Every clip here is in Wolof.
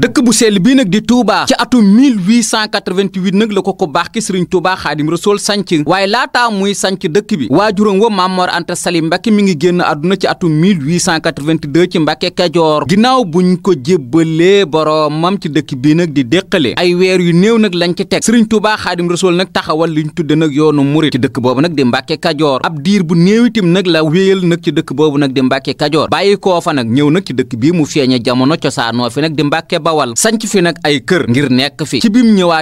dëkk bu sell bii nag di Touba ci atum 1888 nag la ko ko baax ki Serigne Touba Xaadim Rasool sanc waaye laata muy sanc dëkk bi waajuram wa Mamor Anta Sali Mbacke mi ngi génn àdduna ci atum 1882 ci Mbacke Kajoor ginnaaw ñu ko jébbalee boroomam ci dëkk bii nag di déqale ay weer yu néew nag lañ ci teg Serigne Touba Xaadim Rasool nag taxawal li ñu tudde nag yoonu murit ci dëkk boobu nag di Mbacke Kajoor ab diir bu néew itam nag la wéyal nag ci dëkk boobu nag di Mbacke Kajoor bàyyi koo fa nag ñëw nag ci dëkk bii mu feeñe jamono cosaanoo fi nag di Mbacke bawal sanc fi nag ay kër ngir nekk fi ci bi mu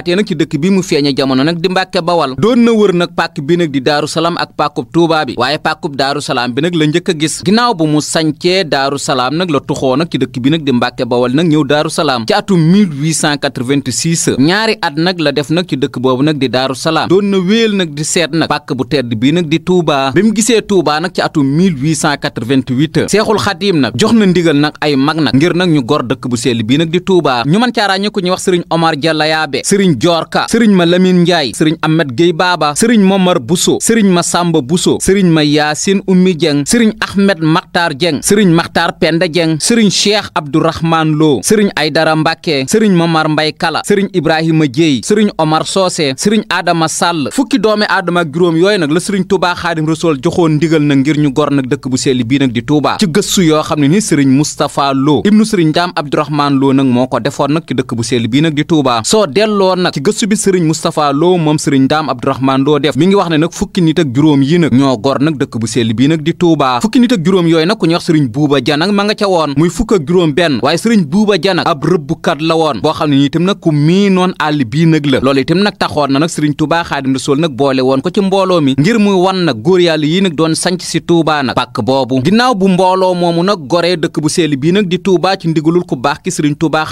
bi mu feeñe jamono nag di mbàkke bawal doon na wër nag pàkk bi bi waaye pàkkub daaru salaam bi nag la njëkk a gis ginnaaw bu mu sancee nag la tuxoo nag ci dëkk bi nag di mbàkke bawal nag ñëw daaru salaam ci atum 1886 ñaari at nag la def nag ci dëkk boobu nag di daaru salaam doon na wéel nag di seet nag pàkk di tuubaa bi mu gisee tuubaa nag ci seexul xadiim nag jox na ndigal nag ay mag nag ngir nag ñu gor dëkk bu sell bii nag di tuubaa Touba ñu mën caa ràññee ku ñuy wax sëriñ Omar Dia Layaabe sëriñ Joorka sëriñ ma Lamine Ndiaye sëriñ Ahmed Gueye Baba sëriñ Momar Bousso sëriñ ma Samba Bousso sëriñ ma Yaasin Ummi Dieng sëriñ Ahmed Maktar Dieng sëriñ Maktar Penda Dieng sëriñ Cheikh Abdourahman Lo sëriñ Aydara Mbacke sëriñ Momar Mbay Kala sëriñ Ibrahima Dieye sëriñ Omar Socé sëriñ Adama Sall fukki doomi Adama ak juróom yooyu nag la sëriñ Touba Xaadim Rasool joxoon ndigal nag ngir ñu gor nag dëkk bu sell bii moo ko defoon nag ci dëkk bu sell bii nag di Touba soo delloo nag ci gëstu bi sëriñ Moustapha Lo moom sëriñ Daam Abdourahmane Lo def mi ngi wax ne nag fukki nit ak juróom yi nag ñoo gor nag dëkk bu sell bii nag di Touba fukki nit ak juróom yooyu nag ku ñu wax sëriñ Buuba Ja nag ma nga ca woon muy fukk ak juróom benn waaye sëriñ Buuba Ja nag ab rëbbkat la woon boo xam ne itam nag ku mii àll bii nag la loolu itam taxoon na nag sëriñ Touba Xaadim ko ci mbooloo mi ngir muy wan nag góor yàlla doon sanc si Touba nag pàkk bu mbooloo moomu nag goree dëkk bu sell bii nag di Touba ci ndigalul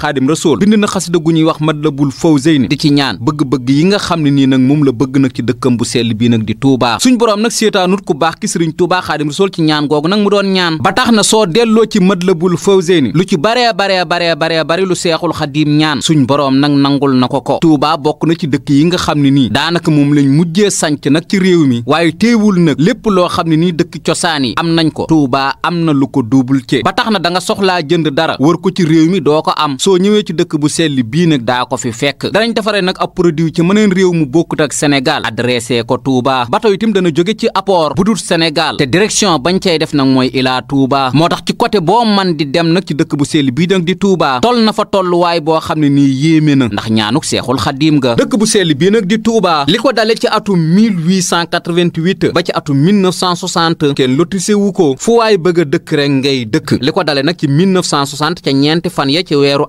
xaadim rasool bind na xasida gu ñuy wax Matlabul Fawzayni di ci ñaan bëgg-bëgg yi nga xam ne nii nag moom la bëgg nag ci dëkkam bu sell bii nag di Touba suñ boroom nag seetaanut ku baax ki Sëriñ Touba xaadim rasool ci ñaan googu nag mu doon ñaan ba tax na soo delloo ci Matlabul Fawzayni lu ci baree baree baree baree bari lu seexul xadim ñaan suñ boroom nag nangul na ko ko Touba bokk na ci dëkk yi nga xam ne nii daanaka moom lañ mujjee sanc nag ci réew mi waaye téewul nag lépp loo xam ne nii dëkk cosaan yi am nañ ko Touba am na lu ko duubul ci ba tax na da nga soxlaa jënd dara wër ko ci réew mi doo ko am soo ñëwee ci dëkk bu sell bii nag daa ko fi fekk danañ defaree nag ab produit ci mëneen réew mu bokkut ak Sénégal adressé ko ba bato itam dana jóge ci apport bu dul Sénégal te direction bañ cay def nag mooy ilaa Touba moo tax ci côté boo man di dem nag ci dëkk bu sell bii nag di Touba toll na fa tolluwaay boo xam ne nii yéeme na ndax ñaanuk seexul xadiim ga dëkk bu sell bii nag di Touba li ko dale ci atum 1888 ba ci atum 1960 kenn lotise ko fu waay bëgg dëkk rek ngay dëkk li ko dale nag ci 1960 ca ñeenti fan ya ci weeru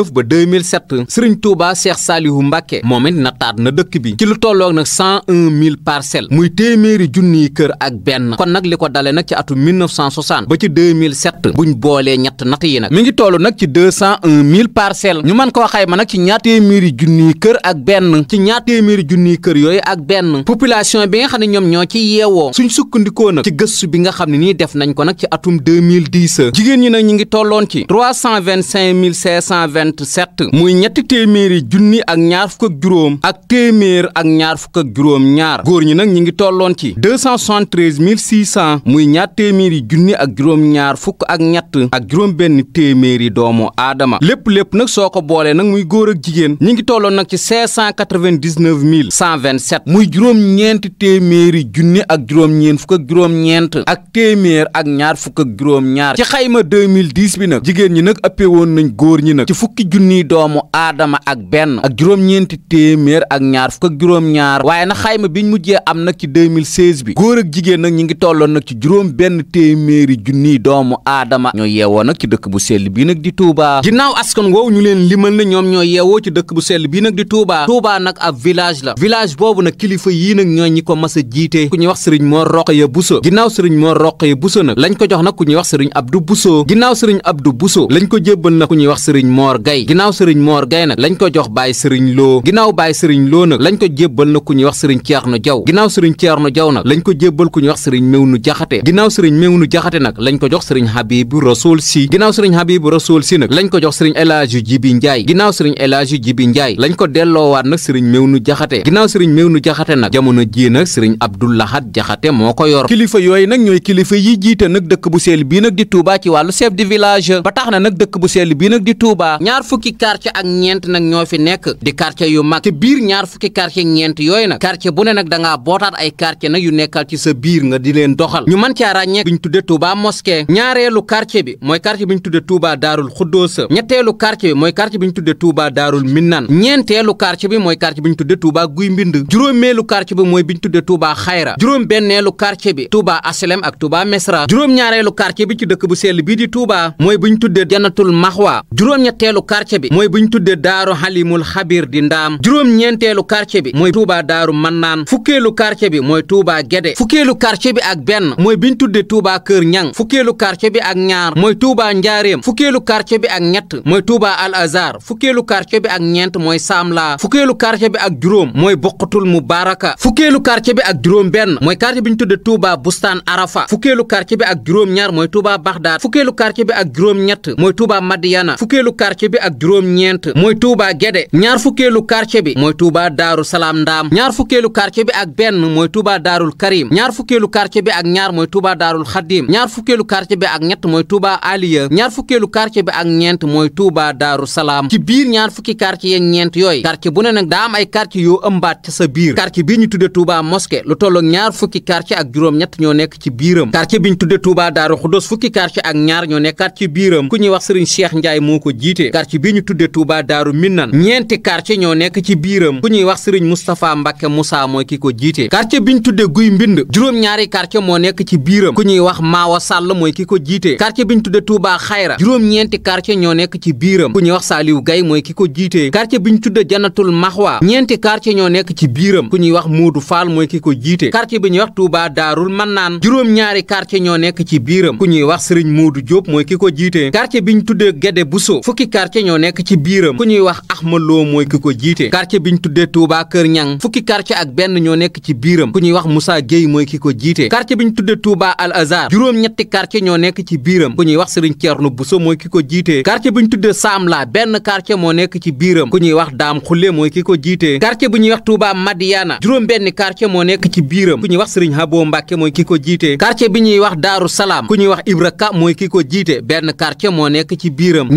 2009 ba 2007 sëriñ Touba Cheikh Salihu Mbacke moom it nattaat na dëkk bi ci lu tolloog nag 101000 parcelles muy téeméeri junniy kër ak benn kon nag li ko dale nag ci atum 1960 ba ci 2007 buñ boolee ñett natt yi nag mi ngi toll nag ci 201000 parcelles ñu mën koo xayma nag ci ñaar téeméeri junniy kër ak benn ci ñaar téeméeri junniy kër yooyu ak benn population bi nga xam ne ñoom ñoo ci yeewoo suñ sukkandikoo nag ci gëstu bi nga xam ne nii def nañ ko nag ci atum 2010 jigéen ñi nag ñi ngi tolloon ci 325 520 57 muy ñetti téeméeri junni ak ñaar fukk ak juróom ak téeméer ak ñaar fukk ak juróom ñaar góor ñi nag ñi ngi tolloon ci 273 600 muy ñaar téeméeri junni ak juróom ñaar fukk ak ñett ak juróom benn téeméeri doomu aadama lépp lépp nag soo ko boolee nag muy góor ak jigéen ñi ngi tolloon nag ci 699 127 muy juróom ñeent téeméeri junni ak juróom ñeent fukk ak juróom ñeent ak téeméer ak ñaar fukk ak juróom ñaar ci xayma 2010 bi nag jigéen ñi nag ëppee nañ góor ñi nag ci fukk fukki junniy doomu aadama ak benn ak juróom-ñeenti téeméer ak ñaar fukk ak juróom-ñaar waaye nag xayma biñ mujjee am nag ci 2016 bi góor ak jigéen nag ñi ngi tolloon nag ci juróom benn téeméeri junni doomu aadama ñoo yeewoo nag ci dëkk bu sell bii nag di Touba ginnaaw askan woowu ñu leen limal na ñoom ñoo yeewoo ci dëkk bu sell bii nag di Touba Touba nag ab village la village boobu nag kilifa yii nag ñoo ñi ko mas a jiite ku ñuy wax sëriñ Mor Rokhaya Bousso ginnaaw sëriñ Mor Rokhaya Bousso nag lañ ko jox nag ku ñuy wax sëriñ Abdou Bousso ginnaaw sëriñ Abdou Bousso lañ ko jébbal nag ku ñuy wax sëriñ Mor Gaye ginnaaw sëriñ Mor Gaye nag lañ ko jox Baye sëriñ Lo ginnaaw Baye sëriñ Lo nag lañ ko jébbal na ku ñuy wax sëriñ Ceerno Jaw ginnaaw sëriñ Ceerno Jaw nag lañ ko jébbal ku ñuy wax sëriñ Mewnu Jaxate ginnaaw sëriñ Mewnu Jaxate nag lañ ko jox sëriñ Habibu Rasoul Si ginnaaw sëriñ Habibu Rasoul Si nag lañ ko jox sëriñ El Hadji Jibi Njaay ginnaaw sëriñ El Hadji Jibi Njaay lañ ko delloowaat nag sëriñ Mewnu Jaxate ginnaaw sëriñ Mewnu Jaxate nag jamono ji nag sëriñ Abdou Lahad Jaxate moo ko yor kilifa yooyu nag ñooy kilifa yi jiite nag dëkk bu seel bii nag di Touba ci wàllu chef de village ba tax na nag dëkk bu seel bii nag di Touba ñaar fukki quartier ak ñeent nag ñoo fi nekk di quartier yu mag ci biir ñaar fukki quartier ñeent yooyu nag quartier bu ne nag da ngaa bootaat ay quartier nag yu nekkal ci sa biir nga di leen doxal ñu mën caa ràññee bi ñu tudde Touba Mosquée ñaareelu quartier bi mooy quartier bi ñu tudde Touba Daarul Xuddoosa ñetteelu quartier bi mooy quartier bi ñu tudde Touba Daarul Minnan ñeenteelu quartier bi mooy quartier bi ñu tudde Touba Guy Mbind juróomeelu quartier bi mooy bi ñu tudde Touba Xayra juróom benneelu quartier bi Touba Aslem ak Touba Mesra juróom ñaareelu quartier bi ci dëkk bu sell bii di Touba mooy bi ñu tudde Janatul Maxwa juróom ñetteelu ñetteelu mooy bu ñu tuddee daaru xalimul xabir di ndaam juróom-ñeenteelu quartier bi mooy tuubaa daaru mannaan fukkeelu quartier bi mooy tuubaa gede fukkeelu quartier bi ak benn mooy bi ñu tuddee tuubaa kër ñang fukkeelu quartier bi ak ñaar mooy tuubaa njaaréem fukkeelu quartier bi ak ñett mooy tuubaa al azar fukkeelu quartier bi ak ñeent mooy saamlaa fukkeelu quartier bi ak juróom mooy boqatul mubaraka fukkeelu quartier bi ak juróom benn mooy quartier bi ñu tuddee tuubaa bustaan arafa fukkeelu quartier bi ak juróom ñaar mooy tuubaa baxdaad fukkeelu quartier bi ak juróom ñett mooy tuubaa madiyana bi ak juróom-ñeent mooy Touba Guédé ñaar fukkeelu quartier bi mooy Touba Daaru Salaam Ndaam ñaar fukkeelu quartier bi ak benn mooy Touba Daarul Karim ñaar fukkeelu quartier bi ak ñaar mooy Touba Daarul Xadim ñaar fukkeelu quartier bi ak ñett mooy Touba Aliya ñaar fukkeelu quartier bi ak ñeent mooy Touba Daaru Salaam ci biir ñaar fukki quartier yeeg ñeent yooyu quartier bu ne nag daam am ay quartier yoo ëmbaat ca sa biir quartier bii ñu tudde Touba Mosquée lu tolloog ñaar fukki quartier ak juróom-ñett ñoo nekk ci biiram quartier bi ñu tudde Touba Daaru Xudos fukki ak ñaar ñoo nekkaat ci biiram ku ñuy wax Serigne Cheikh Ndiaye moo ko jiite quartier bi ñu tuddee Touba Daaru Minnan ñeenti quartier ñoo nekk ci biiram ku ñuy wax sëriñ Moustapha Mbacke Moussa mooy ki ko jiite quartier bi ñu tuddee Guy Mbind juróom-ñaari quartier moo nekk ci biiram ku ñuy wax Maawa Sàll mooy ki ko jiite quartier bi ñu tuddee Touba Xayra juróom-ñeenti quartier ñoo nekk ci biiram ku ñuy wax Saliou Gaye mooy ki ko jiite quartier bi ñu tuddee Janatul Maxwa ñeenti quartier ñoo nekk ci biiram ku ñuy wax Moodu Faal mooy ki ko jiite quartier bi ñuy wax Touba Daarul Mannaan juróom-ñaari quartier ñoo nekk ci biiram ku ñuy wax sëriñ Moodu Jóob mooy ki ko jiite ñu tuddee Gede Buso quartier ñoo nekk ci biiram ku ñuy wax Axma Lo mooy ki ko jiite quartier bi ñu tuddee Touba Kër Ñang fukki quartier ak benn ñoo nekk ci biiram ku ñuy wax Moussa Gueye mooy ki ko jiite quartier bi ñu tuddee Touba Al Azhar juróom-ñetti quartier ñoo nekk ci biiram ku ñuy wax Serigne Thierno Bousso mooy ki ko jiite quartier bi ñu tuddee Samla benn quartier moo nekk ci biiram ku ñuy wax Daam Xulle mooy ki ko jiite quartier bu ñuy wax Touba Madiana juróom benn quartier moo nekk ci biiram ku ñuy wax Serigne Habo Mbacke mooy ki ko jiite quartier bi ñuy wax Salaam ku ñuy wax Ibra mooy ki ko jiite benn quartier moo nekk ci biiram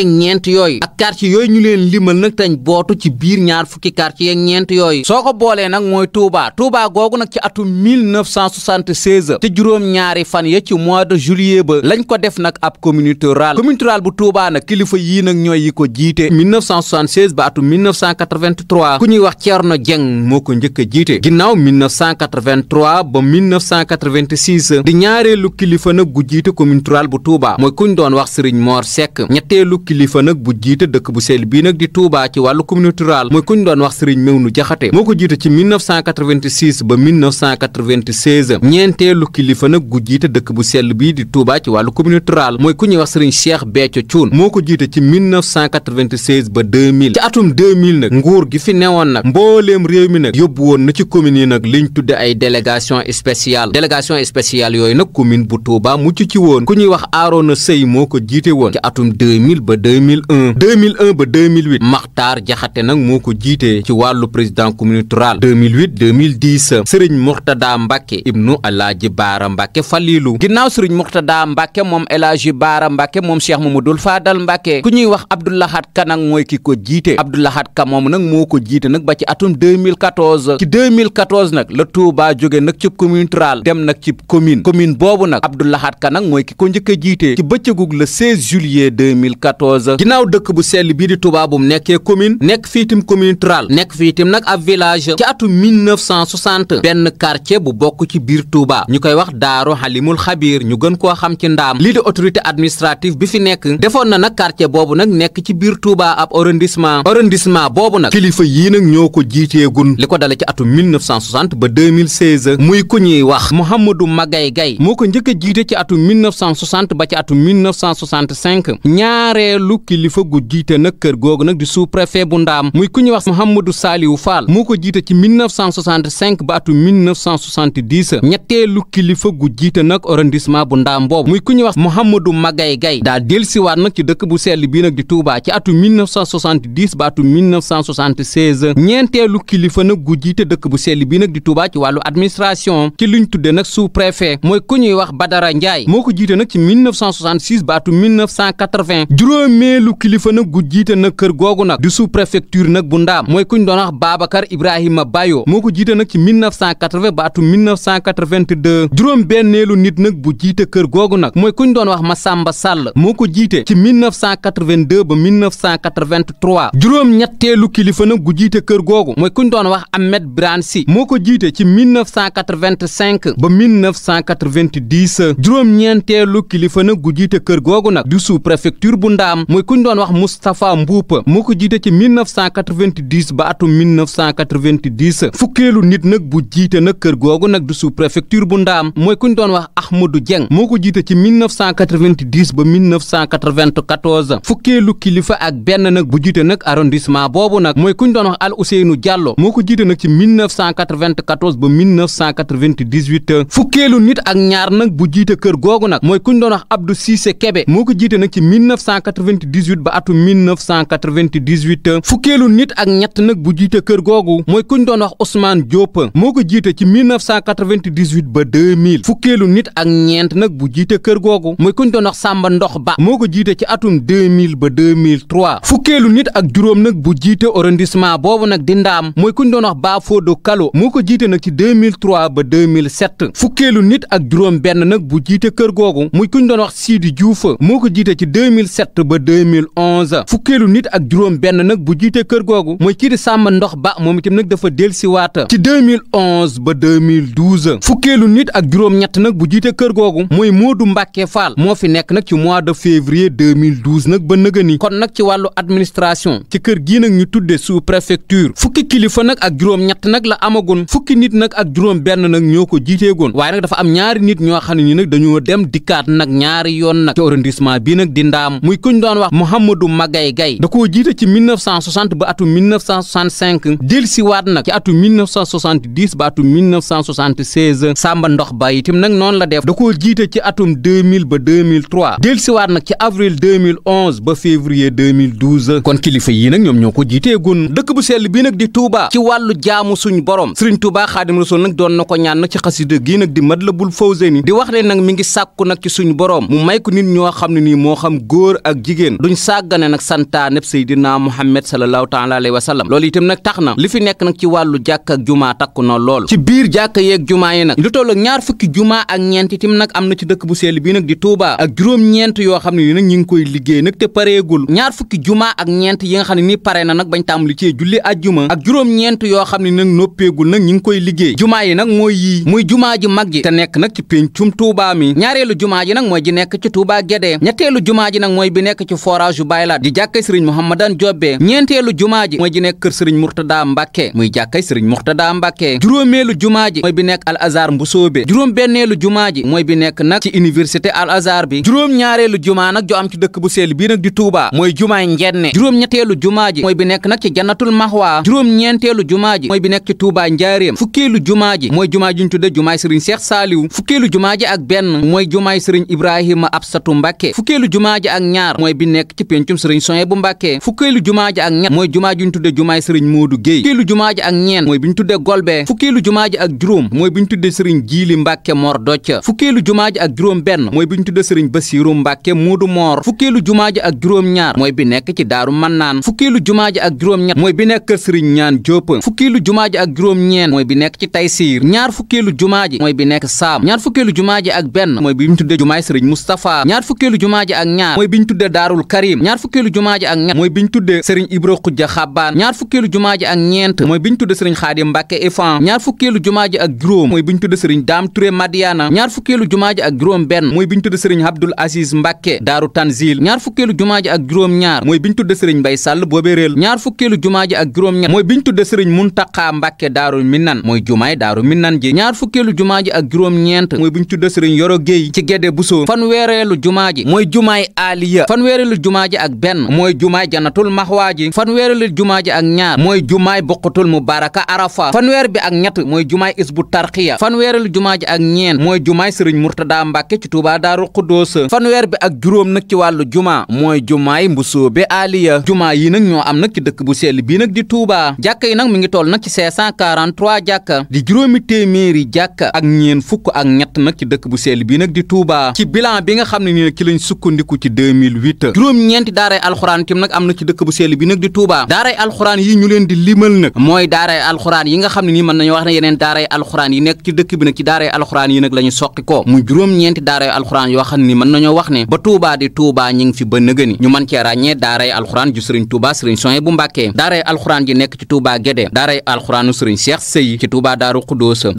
fukki ak ñeent yooyu ak quartier yooyu ñu leen limal nag tañ bootu ci biir ñaar fukki quartier ak ñeent yooyu soo ko boolee nag mooy Touba Touba googu nag ci atum 1976 te juróom-ñaari fan ye ci mois de juillet ba lañ ko def nag ab communauté rurale communauté rurale bu Touba nag kilifa yii nag ñooy yi ko jiite 1976 ba atum 1983 ku ñuy wax Thierno Dieng moo ko njëkk a jiite ginnaaw 1983 ba 1986 di ñaareelu kilifa nag gu jiite communauté bu Touba mooy kuñ doon wax Serigne Mor Seck ñetteelu kilifa nag bu jiite dëkk bu sell bii nag di Touba ci wàllu communauté rurale mooy ku ñu doon wax Serigne Mewnu Jaxate moo ko jiite ci 1986 ba 1996 ñeenteelu kilifa nag gu jiite dëkk bu sell bii di Touba ci wàllu communauté mooy ku ñuy wax Serigne Cheikh Béthio Thioune moo ko jiite ci ba ci atum nag nguur gi fi newoon nag mbooleem réew mi nag yóbbu woon na ci commune yi nag liñ tudde ay délégation spéciale délégation spéciale yooyu nag commune bu Touba mucc ci 2001 2001 ba 2008 Makhtar Jaxate nag moo ko jiitee ci wàllu président communauté rurale 2008 2010 Serigne Mourtada Mbacke ibnu Alaaji Baara Mbacke Falilu ginnaaw Serigne Mourtada Mbacke moom Elaaji Baara Mbacke moom Cheikh Mamadou Fadal Mbacke ku ñuy wax Abdoulahat Ka nag mooy ki ko jiite Abdoulahat Ka moom nag moo ko jiite nag ba ci atum 2014 ci 2014 nag la Touba jóge nag ci communauté rurale dem nag ci commune commune boobu nag Abdoulahat Ka nag mooy ki ko njëkk a jiite ci bëccëgug le 16 juillet 2014 14 ginnaaw dëkk bu sell bii di Touba bu mu nekkee commune nekk fii itam commune rurale nekk fii itam nag ab village ci atum benn quartier bu bokk ci biir Touba ñu koy wax Daaru Halimul Xabiir ñu gën koo xam ci ndaam lii di autorité administrative bi fi nekk defoon na na quartier boobu nag nekk ci biir Touba ab arrondissement arrondissement boobu nag kilifa yii nag ñoo ko jiiteegun li ko dale ci atum 1960 ba 2016 muy ku ñuy wax Mouhamadou Magay Gay moo ko njëkk a jiite ci atum 1960 ba ci atum 1965 ñaare ñaareelu kilifa gu jiite nag kër googu nag di sous bu ndaam muy ku ñuy wax Mouhamadou Saliou Fall moo ko jiite ci 1965 ba atu 1970 lu kilifa gu jiite nag arrondissement bu ndaam boobu muy ku ñuy wax Mouhamadou Magay Gay daa dellusiwaat nag ci dëkk bu sell bii nag di Touba ci atu 1970 ba atu 1976 ñeenteelu kilifa nag gu jiite dëkk bu sell bii nag di Touba ci wàllu administration ci ñu tudde nag sous préfet mooy ku ñuy wax Badara Ndiaye moo ko jiite nag ci 1966 ba atu 1980 juróomeelu kilifa nag gu jiite nag kër googu nag di sous préfecture nag bu ndaam mooy kuñ doon wax Babacar Ibrahima Bayo moo ko jiite nag ci 1980 ba atum 1982 juróom benneelu nit nag bu jiite kër googu nag mooy kuñ doon wax Massamba Sall moo ko jiite ci 1982 ba 1983 juróom ñetteelu kilifa nag gu jiite kër googu mooy kuñ doon wax Ahmed Birane Sy moo ko jiite ci 1985 ba 1990 juróom ñeenteelu kilifa nag gu jiite kër googu nag di sous préfecture bu ndaam Ndaam muy kuñ doon wax Moustapha Mbuupa moo ko jiite ci 1990 ba atum fukkeelu nit nag bu jiite nag kër googu nag du su préfecture bu Ndaam mooy kuñ doon wax Ahmadou Dieng moo ko jiite ci 1990 ba 1994 fukkeelu kilifa ak benn nag bu jiite nag arrondissement boobu nag mooy kuñ doon wax Al Ousseynou Diallo moo ko jiite nag ci 1994 ba 1998 fukkeelu nit ak ñaar nag bu jiite kër googu nag mooy kuñ doon wax Abdou Cissé Kébé moo ko jiite nag ci 1994 1998 ba atum 1998 fukkeelu nit ak ñett nag bu jiite kër googu mooy kuñ doon wax Ousmane Diop moo ko jiite ci 1998 ba 2000 fukkeelu nit ak ñeent nag bu jiite kër googu mooy kuñ doon wax Samba Ndox Ba moo ko jiite ci atum 2000 ba 2003 fukkeelu nit ak juróom nag bu jiite arrondissement boobu nag di Ndaam mooy kuñ doon baa Ba Fodo moo ko jiite nag ci 2003 ba 2007 fukkeelu nit ak juróom benn nag bu jiite kër googu muy kuñ doon wax Sidi Diouf moo ko jiite ci 2007 ba 2011 fukkeelu nit ak juróom benn nag bu jiite kër googu mooy kii di Samba Ndox Ba moom itam nag dafa dellusiwaat ci 2011 ba 2012 fukkeelu nit ak juróom ñett nag bu jiite kër googu mooy moo Modou Mbacke Fall moo fi nekk nag ci mois de février 2012 nag ba nëgëni kon nag ci wàllu administration ci kër gii nag ñu tudde su préfecture fukki kilifa nag ak juróom ñett nag la amagoon fukki nit nag ak juróom benn nag ñoo ko jiiteegoon waaye nag dafa am ñaari nit ñoo xam ne ni nag dañoo dem dikkaat nag ñaari yoon nag ci nag di ñu doon wax Mouhamadou Magaye Gaye da koo jiite ci 1960 ba atum 1965 dellusiwaat nag ci atum 1970 ba atum 1976 Samba Ndox Baye nag ci atum ba 2003 kon kilifa yii nag ñoom ñoo ko jiitee gun dëkk bu sell bii nag di Touba ci wàllu jaamu suñ borom Serigne Touba Xaadim Rasul nag doon na nag ci xasida gii nag di Matlabul Fawzayni di wax ne nag mi ngi sàkku nag ci suñ borom mu may ko nit ñoo xam ne nii moo xam góor ak jigéen duñ sàggane nag santaaneb seydina Muhammad sallallahu taala alayhi wa sallam loolu itam nag tax na li fi nekk nag ci wàllu jàkk ak jumaa takku na lool ci biir jàkk yeeg jumaa yi nag lu toll ak ñaar fukki jumaa ak ñeent itam nag am na ci dëkk bu sell bii nag di Touba ak juróom-ñeent yoo xam ne ni nag ñi ngi koy liggéey nag te pareegul ñaar fukki jumaa ak ñeent yi nga xam ne ni pare na nag bañ tàmbali ci julli ajjuma ak juróom-ñeent yoo xam ne nag noppeegul nag ñi ngi koy liggéey jumaa yi nag mooy yii muy jumaa ji mag ji te nekk nag ci péncum Touba mi ñaareelu jumaa ji nag mooy ji nekk ci Touba Guédé nekk ci forage yu Baay Laat di jàkkay sëriñ Mouhamadan Jobe ñeenteelu jumaa ji mooy ji nekk kër sëriñ Murtada Mbàkke muy jàkkay sëriñ Murtada Mbàkke juróomeelu jumaa ji bi nekk Al Azhar Mbusoobe juróom benneelu jumaa ji mooy bi nekk nag ci université Al bi juróom ñaareelu jumaa nag jo am ci dëkk bu sell bii nag di Touba mooy jumaay njenne juróom ñetteelu jumaa ji mooy bi nekk nag ci Jannatul Maxwa juróom ñeenteelu jumaa ji bi nekk ci Touba Njaaréem fukkeelu jumaa ji mooy jumaa ji ñu tudde jumaay sëriñ Seex Saaliw fukkeelu jumaa ji ak benn mooy jumaay sëriñ Ibrahima Absatu Mbàkke fukkeelu jumaa ji ak ñaar mooy bi nekk ci péncum sëriñ soye bu mbàkke fukkeelu jumaa ji ak ñett mooy jumaa ji ñu tudde jumaay sëriñ moodu géey fukkeelu jumaa ji ak ñeent mooy bi ñu tudde golbee fukkeelu jumaa ji ak juróom mooy bi ñu tudde sëriñ jiili mbàkke mor docca fukkeelu jumaa ji ak juróom benn mooy bi ñu tudde sëriñ basiiru mbàkke moodu moor fukkeelu jumaa ji ak juróom ñaar mooy bi nekk ci daaru mannaan fukkeelu jumaa ji ak juróom ñett mooy bi nekk kër sëriñ ñaan jóob fukkeelu jumaa ji ak juróom ñeent mooy bi nekk ci taysiir ñaar fukkeelu jumaa ji mooy bi nekk saam ñaar fukkeelu jumaa ji ak benn mooy bi ñu tudde jumaay sëriñ mustapha ñaar fukkeelu jumaa ji ak ñaar mooy bi ñu tudde daarul karim ñaar fukkeelu jumaa ak ñett mooy biñ tuddee sëriñ ibra xujja xabbaan ñaar fukkeelu jumaa ji ak ñeent mooy biñ tuddee sëriñ xaadim mbàkke ifan ñaar fukkeelu jumaa ji ak juróom mooy biñ tuddee sëriñ daam turé madiana ñaar fukkeelu jumaa ak juróom benn mooy biñ tuddee sëriñ abdul aziz mbàkke daaru tanzil ñaar fukkeelu jumaa ak juróom ñaar mooy biñ tuddee sëriñ mbay sàll boobe réel ñaar fukkeelu jumaa ji ak juróom ñett mooy biñ tuddee sëriñ muntaqa mbàkke daarul minnan mooy jumaay daaru minnan ji ñaar fukkeelu jumaa ji ak juróom ñeent mooy biñ tuddee sëriñ yoro géey ci gedde buso fanweereelu jumaa ji mooy jumaay aliya fanweerilu jumaa ji ak benn mooy jumaay janatul maxwaa ji fanweerilu jumaa ji ak ñaar mooy jumaay buqatul mubaraka arafa fanweer bi ak ñett mooy jumaay isbu tarxiya fanweerilu jumaa ji ak ñeen mooy jumaay sëriñ murtada mbàkke ci tuubaa daaru xuddoos fanweer bi ak juróom nag ci wàllu jumaa mooy jumaay mbusoobe aaliya jumaa yi nag ñoo am nag ci dëkk bu sell bii nag di tuubaa jàkk yi nag mi ngi toll nag ci 543 jàkka di juróomi téeméeri jàkka ak ñeen fukk ak ñett nag ci dëkk bu sell bii nag di tuubaa ci bilan bi nga xam ne nii ci lañ sukkandiku ci 2008 huit juróom-ñeenti daaray alxuraan tim nag am na ci dëkk bu sell bi nag di Touba daaray alxuraan yi ñu leen di limal nag mooy daaray alxuraan yi nga xam ne nii mën nañu wax ne yeneen daaray alxuraan yi nekk ci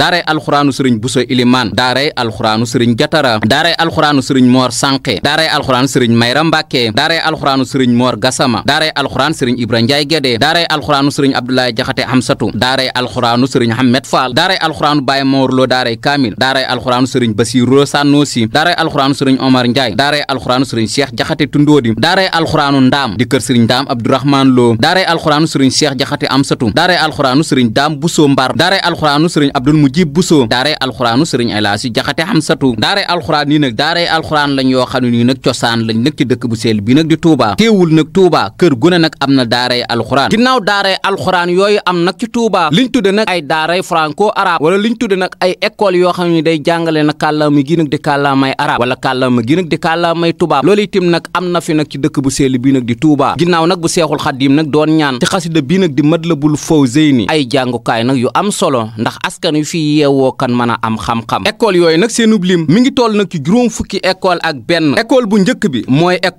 alxuraanu sëriñ Buso Ilimaan daaray alxuraanu sëriñ Jatara daaray alxuraanu sëriñ Mor Sànqe daaray alxuraanu sëriñ Mayra Mbàkke Mbàkke daaray alxuraanu sëriñ Mor Gasama daaray alxuraan sëriñ Ibra Njaay Gédé daaray alxuraanu sëriñ Abdoulaye Jaxate Hamsatu daaray alxuraanu sëriñ Ahmed Fall daaray alxuraanu Baye Mor Lo daaray Kamil daaray alxuraanu sëriñ Basiru Sanosi daaray alxuraanu sëriñ Omar Njaay daaray alxuraanu sëriñ Cheikh Jaxate Tundoodi daaray alxuraanu Ndaam di kër sëriñ Ndaam Abdourahman Lo daaray alxuraanu sëriñ Cheikh Jaxate Amsatu daaray alxuraanu sëriñ Daam Buso Mbar daaray alxuraanu sëriñ Abdul Mujib Buso daaray alxuraanu sëriñ Elasi Jaxate Hamsatu daaray alxuraan nii daaray alxuraan lañ yoo xam cosaan lañ nag ci dëkk bu sell bi nag di Touba teewul nag Touba kër gu ne nag am na daaray alxuraan ginnaaw daaray alxuraan yooyu am nag ci Touba liñ tudde nag ay daaray franco arabe wala liñ tudde nag ay école yoo xam ne day jàngale nag kàllaama gi nag di kàllaamay arab wala kàllaama gi nag di kàllaamay tubaab loolu itam nag am na fi nag ci dëkk bu sell bi nag di Touba ginnaaw nag bu seexul xaddiim nag doon ñaan ci xasida bi nag di Matlabul Fawzayni ay jàngukaay nag yu am solo ndax askan yu fi yeewoo kan mën a am xam-xam yooyu nag seenub lim mi ngi toll nag ci fukki école ak benn école bu njëkk bi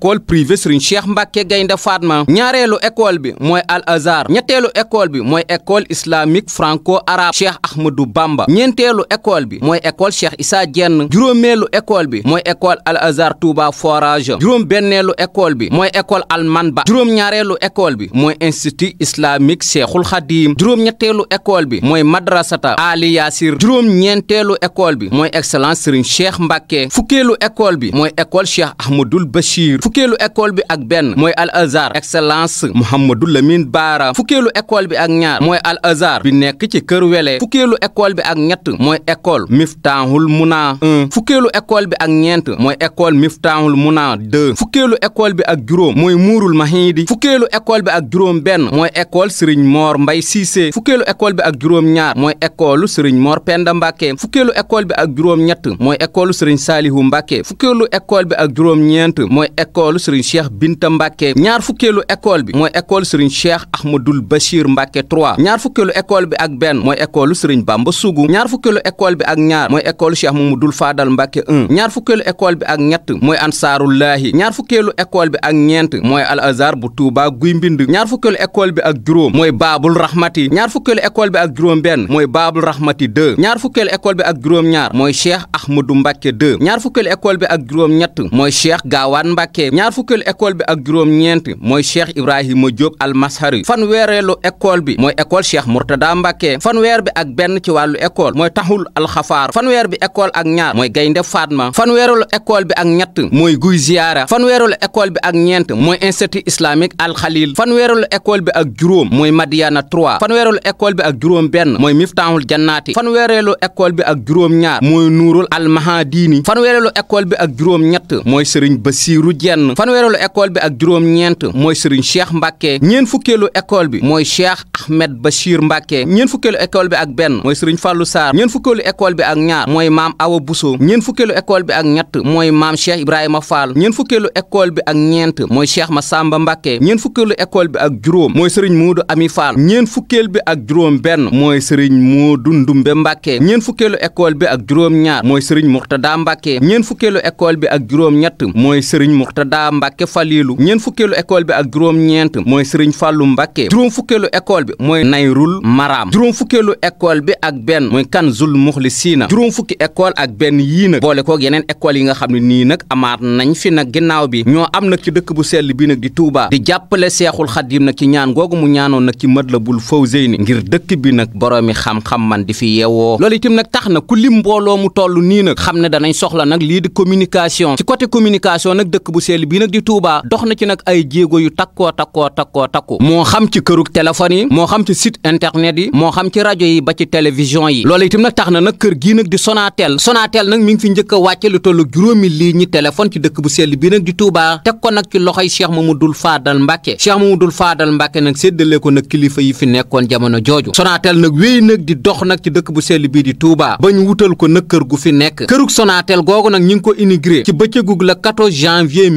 école privée Serigne Cheikh Mbacke Gaynde Fatma ñaareelu école bi mooy Al ñetteelu école bi mooy école islamique franco arabe Cheikh Ahmadou Bamba ñeenteelu école bi mooy école Cheikh Issa Dieng juróomeelu école bi mooy école Al Azhar Touba juróom benneelu école bi mooy école Almanba juróom ñaareelu école bi mooy institut islamique Cheikhul Khadim juróom ñetteelu école bi mooy madrasata Ali Yassir juróom ñeenteelu école bi mooy excellence Serigne Cheikh Mbacke fukkeelu école bi mooy école Cheikh Ahmadoul Bachir fukkeelu école bi ak benn mooy al azhar excellence Mouhamadou Lamine Baara fukkeelu école bi ak ñaar mooy al azhar bi nekk ci kër wele fukkeelu école bi ak ñett mooy école Miftahul Muna un fukkeelu école bi ak ñeent mooy école Miftahul Muna deux fukkeelu école bi ak juróom mooy Muurul Mahidi fukkeelu école bi ak juróom benn mooy école Serigne Mor Mbay Cissé fukkeelu école bi ak juróom ñaar mooy école Serigne Mor Penda Mbacke fukkeelu école bi ak juróom mooy école Serigne Salihu Mbacke fukkeelu ak école Serigne Cheikh Binta Mbacke ñaar fukkeelu école bi mooy école Serigne Cheikh Ahmadul Bachir Mbacke 3 ñaar fukkeelu école bi ak benn mooy école Serigne Bamba ñaar fukkeelu école bi ak ñaar mooy école Cheikh Mamadul Fadal Mbacke 1 ñaar fukkeelu école bi ak ñett mooy Ansaarullaahi ñaar fukkeelu école bi ak ñeent mooy Al Azhar bu Touba Guy Mbind ñaar fukkeelu école bi ak juróom mooy Baabul Rahmati ñaar fukkeelu école bi ak juróom benn mooy Baabul Rahmati 2 ñaar fukkeelu école bi ak juróom ñaar mooy Cheikh Ahmadou Mbacke 2 ñaar fukkeelu école bi ak juróom ñett mooy Cheikh Gaawaan Mbacke Mbàkke ñaar fukkeelu école bi ak juróom-ñeent mooy Cheikh Ibrahima Diop Almashari fanweereelu école bi mooy école Cheikh Mourtada Mbàkke weer bi ak benn ci wàllu école mooy Taxul Alxafaar weer bi école ak ñaar mooy Gaynde Fatma fanweereelu école bi ak ñett mooy Guy Ziyaara fanweereelu école bi ak ñeent mooy Institut Islamique Al Khalil fanweereelu école bi ak juróom mooy Madiana 3 fanweereelu école bi ak juróom benn mooy Miftahul Jannaati fanweereelu école bi ak juróom ñaar mooy Nuurul Almahadini fanweereelu école bi ak juróom kenn fanweereelu école bi ak juróom-ñeent mooy Serigne Cheikh Mbacke ñeent fukkeelu école bi mooy Cheikh Ahmed Bachir Mbacke ñeent fukkeelu école bi ak benn mooy Serigne Fallou Sarr ñeent fukkeelu école bi ak ñaar mooy maam Awa Bousso ñeent fukkeelu école bi ak ñett mooy maam Cheikh Ibrahima Fall ñeent fukkeelu école bi ak ñeent mooy Cheikh Massamba Mbacke ñeent fukkeelu école bi ak juróom mooy Serigne Moudou Ami Fall ñeent fukkeel bi ak juróom benn mooy Serigne Moudou Ndumbe Mbacke ñeent fukkeelu école bi ak juróom ñaar mooy Serigne Mourtada Mbacke ñeent fukkeelu école bi ak juróom ñett mooy Serigne Mourtada Murtada Mbàkke Faliilu ñeent fukkeelu école bi ak juróom-ñeent mooy Sëriñ Fàllu Mbàkke juróom fukkeelu école bi mooy Nayrul Maraam juróom fukkeelu école bi ak benn mooy Kanzul Muxlisiina juróom fukki école ak benn yiina nag boole koog yeneen école yi nga xam ne nii nag amaat nañ fi nag ginnaaw bi ñoo am nag ci dëkk bu sell bi nag di tuubaa di jàppale Seexul Xadiim nag ci ñaan googu mu ñaanoon nag ci Matlabul Fawzeyni ngir dëkk bi nag boroomi xam-xam man di fi yeewoo loolu itam nag mu toll nii nag xam sell bi nag di Touba dox na ci nag ay jéego yu takkoo takkoo takkoo takku moo xam ci kërug téléphone yi moo xam ci sit internet yi moo xam ci rajo yi ba ci télévision yi loolu itam nag tax na nag kër gii nag di Sonatel Sonatel nag mi ngi fi njëkk a wàcce lu tollu juróomi lii ligne téléphone ci dëkk bu sell bi nag di Touba teg ko nag ci loxoy Cheikh Mamadou Fadal Mbacke Cheikh Mamadou Fadal Mbacke nag séddale ko nag kilifa yi fi nekkoon jamono jooju Sonatel nag wéy nag di dox nag ci dëkk bu sell bii di Touba ba wutal ko nag kër gu fi nekk kërug Sonatel googu nag ñi ngi ko inauguré ci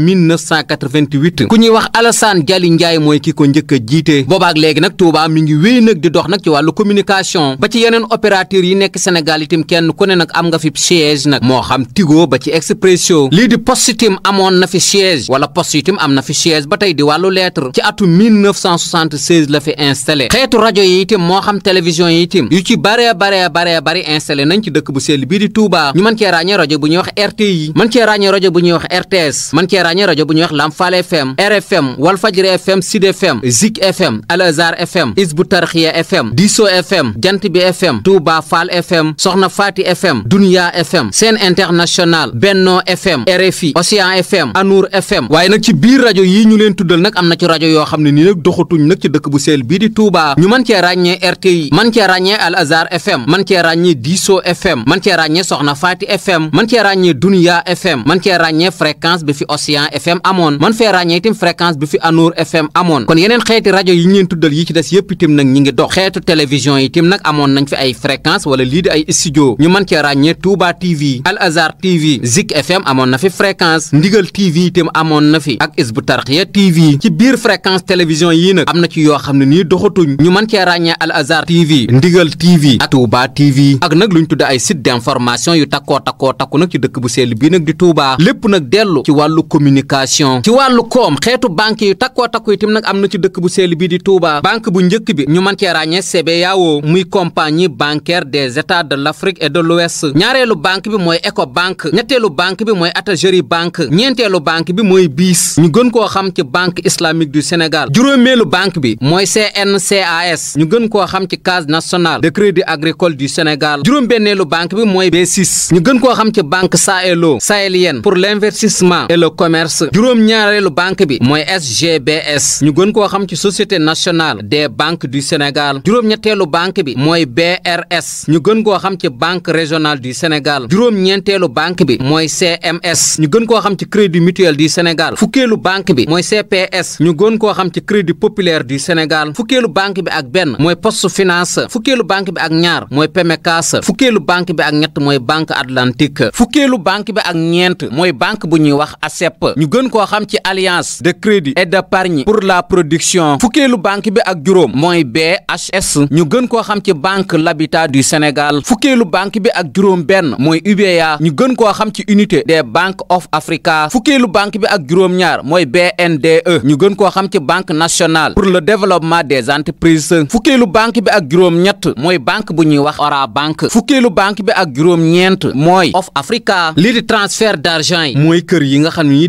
1988 ku ñuy wax Alassane Dialy Ndiaye mooy ki ko njëkk a jiite boobaak léegi nag Touba mi ngi wéy nag di dox nag ci wàllu communication ba ci yeneen opérateur yi nekk Sénégal itam kenn ku ne nag am nga fi siège nag moo xam Tigo ba ci Expresso lii di Poste itam amoon na fi siège wala post itam am na fi siège ba tey di wàllu lettre ci atum 1976 la fi installé xeetu rajo yi itam moo xam télévision yi itam yu ci baree baree baree bari installé nañ ci dëkk bu sell bii di Touba ñu mën cee ràññee rajo bu ñuy wax RTI mën cee ràññee rajo bu ñuy wax RTS mën accompagner rajo bu ñuy wax Lamfal FM RFM Walfajri FM sid FM Zik FM Al Azhar FM Isbu Tarxiya FM Diso FM Jant bi FM Touba Fall FM Soxna faati FM Dunia FM seen International Benno FM RFI Océan FM Anour FM waaye nag ci biir rajo yi ñu leen tuddal nag am na ci rajo yoo xam ne nii nag doxatuñ nag ci dëkk bu seel bii di Touba ñu mën cee ràññee RTI man cee ràññee Al Azhar FM man cee ràññee Diso FM man cee ràññee Soxna Fati FM man cee ràññee Dunia FM man cee ràññee fréquence bi fi Océan Rafia FM amoon man fee ràññee itam fréquence bi fi Anour FM amoon kon yeneen xeeti rajo yi ñu leen tuddal yi ci des yëpp itam nag ñi ngi dox xeetu télévision yi itam nag amoon nañ fi ay fréquence wala lii di ay studio ñu man cee ràññee Touba Al Azhar TV Zik FM amoon na fi fréquence Ndigal TV itam amoon na fi ak Isbu Tarxiya TV ci biir fréquence télévision yi nag am na ci yoo xam ne nii doxatuñ ñu mën cee ràññee Al Azhar TV Ndigal TV ak Touba TV ak nag luñ tudd ay site d'information yu takkoo takkoo takku nag ci dëkk bu sell bii nag communication ci wàllu koom xeetu banque yu takkoo takku itam nag am na ci dëkk bu sell bii di Touba banque bu njëkk bi ñu mën cee ràññee CBAO muy compagnie bancaire des états de l'Afrique et de l'Ouest ñaareelu banque bi mooy Ecobank ñetteelu banque bi mooy Attijari banque ñeenteelu banque bi mooy BIS ñu gën koo xam ci banque islamique du Sénégal juróomeelu banque bi mooy CNCAS ñu gën koo xam ci Caisse nationale de crédit agricole du Sénégal juróom-benneelu banque bi mooy B6 gën koo xam ci banque Sahello commerce juróom-ñaareelu banque bi mooy SGBS ñu gën koo xam ci société nationale des banques du Sénégal juróom-ñetteelu bi mooy BRS ñu gën koo xam ci banque régionale du Sénégal juróom banque bi mooy CMS ñu gën koo xam ci crédit mutuel du Sénégal fukkeelu banque bi mooy CPS ñu gën koo xam ci crédit populaire du Sénégal fukkeelu banque bi ak benn mooy Poste Finance fukkeelu banque bi ak ñaar mooy PEMECAS fukkeelu banque bi ak ñett mooy Banque Atlantique fukkeelu banque bi ak ñuy wax ACEP jàpp ñu gën koo xam ci alliance de crédit et d'épargne pour la production fukkeelu banque bi ak juróom mooy es ñu gën koo xam ci banque l'habitat du Sénégal fukkeelu banque bi ak juróom benn mooy UBA ñu gën koo xam ci unité des banques of Africa fukkeelu banque bi ak juróom ñaar mooy BNDE ñu gën koo xam ci banque nationale pour le développement des entreprises fukkeelu banque bi ak juróom ñett mooy banque bu ñuy wax Orabank fukkeelu banque bi ak juróom ñeent mooy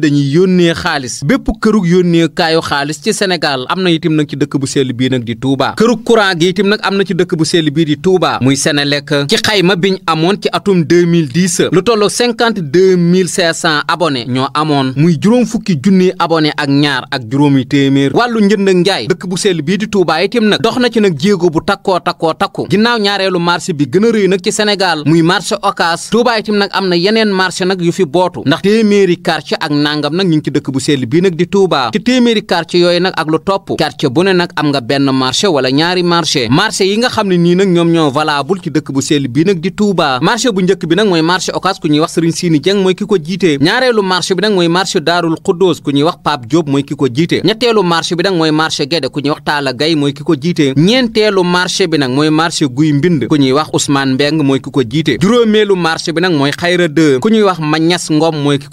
dañuy yónnee xaalis bépp kërug yónnee kaayu xaalis ci Sénégal am na itam nag ci dëkk bu sell bii nag di Touba kërug courant gi itam nag am na ci dëkk bu sell bii di Touba muy Senelec ci xayma biñ amoon ci atum 2010 lu tollu 52 500 abonnés ñoo amoon muy juróom fukki junni abonnés ak ñaar ak juróomi téeméer wàllu njënd njaay dëkk bu sell bii di Touba itam nag dox na ci nag jéego bu takkoo takkoo takku ginnaaw ñaareelu marché bi gën a rëy nag ci Sénégal muy marché Ocass Touba itam nag am na yeneen marché nag yu fi bootu ndax téeméeri quartier ak sàngam nag ñu ngi ci dëkk bu sell bii nag di Touba ci téeméeri quartier yooyu nag ak lu topp quartier bu ne nag am nga benn marché wala ñaari marché marché yi nga xam ne nii nag ñoom ñoo valable ci dëkk bu sell bii nag di Touba marché bu njëkk bi nag mooy marché Ocass ku ñuy wax Serigne Sini mooy ki ko jiite ñaareelu marché bi nag mooy marché Daarul Xuddoos ku ñuy wax Pape mooy ki ko jiite ñetteelu marché bi mooy marché Guédé ku ñuy wax Talla ki ko jiite ñeenteelu marché bi nag mooy marché Guy Mbind ku ñuy wax Ousmane Mbeng mooy ki ko jiite juróomeelu marché bi nag mooy Xayra 2 ku ñuy wax Mañas Ngom mooy ki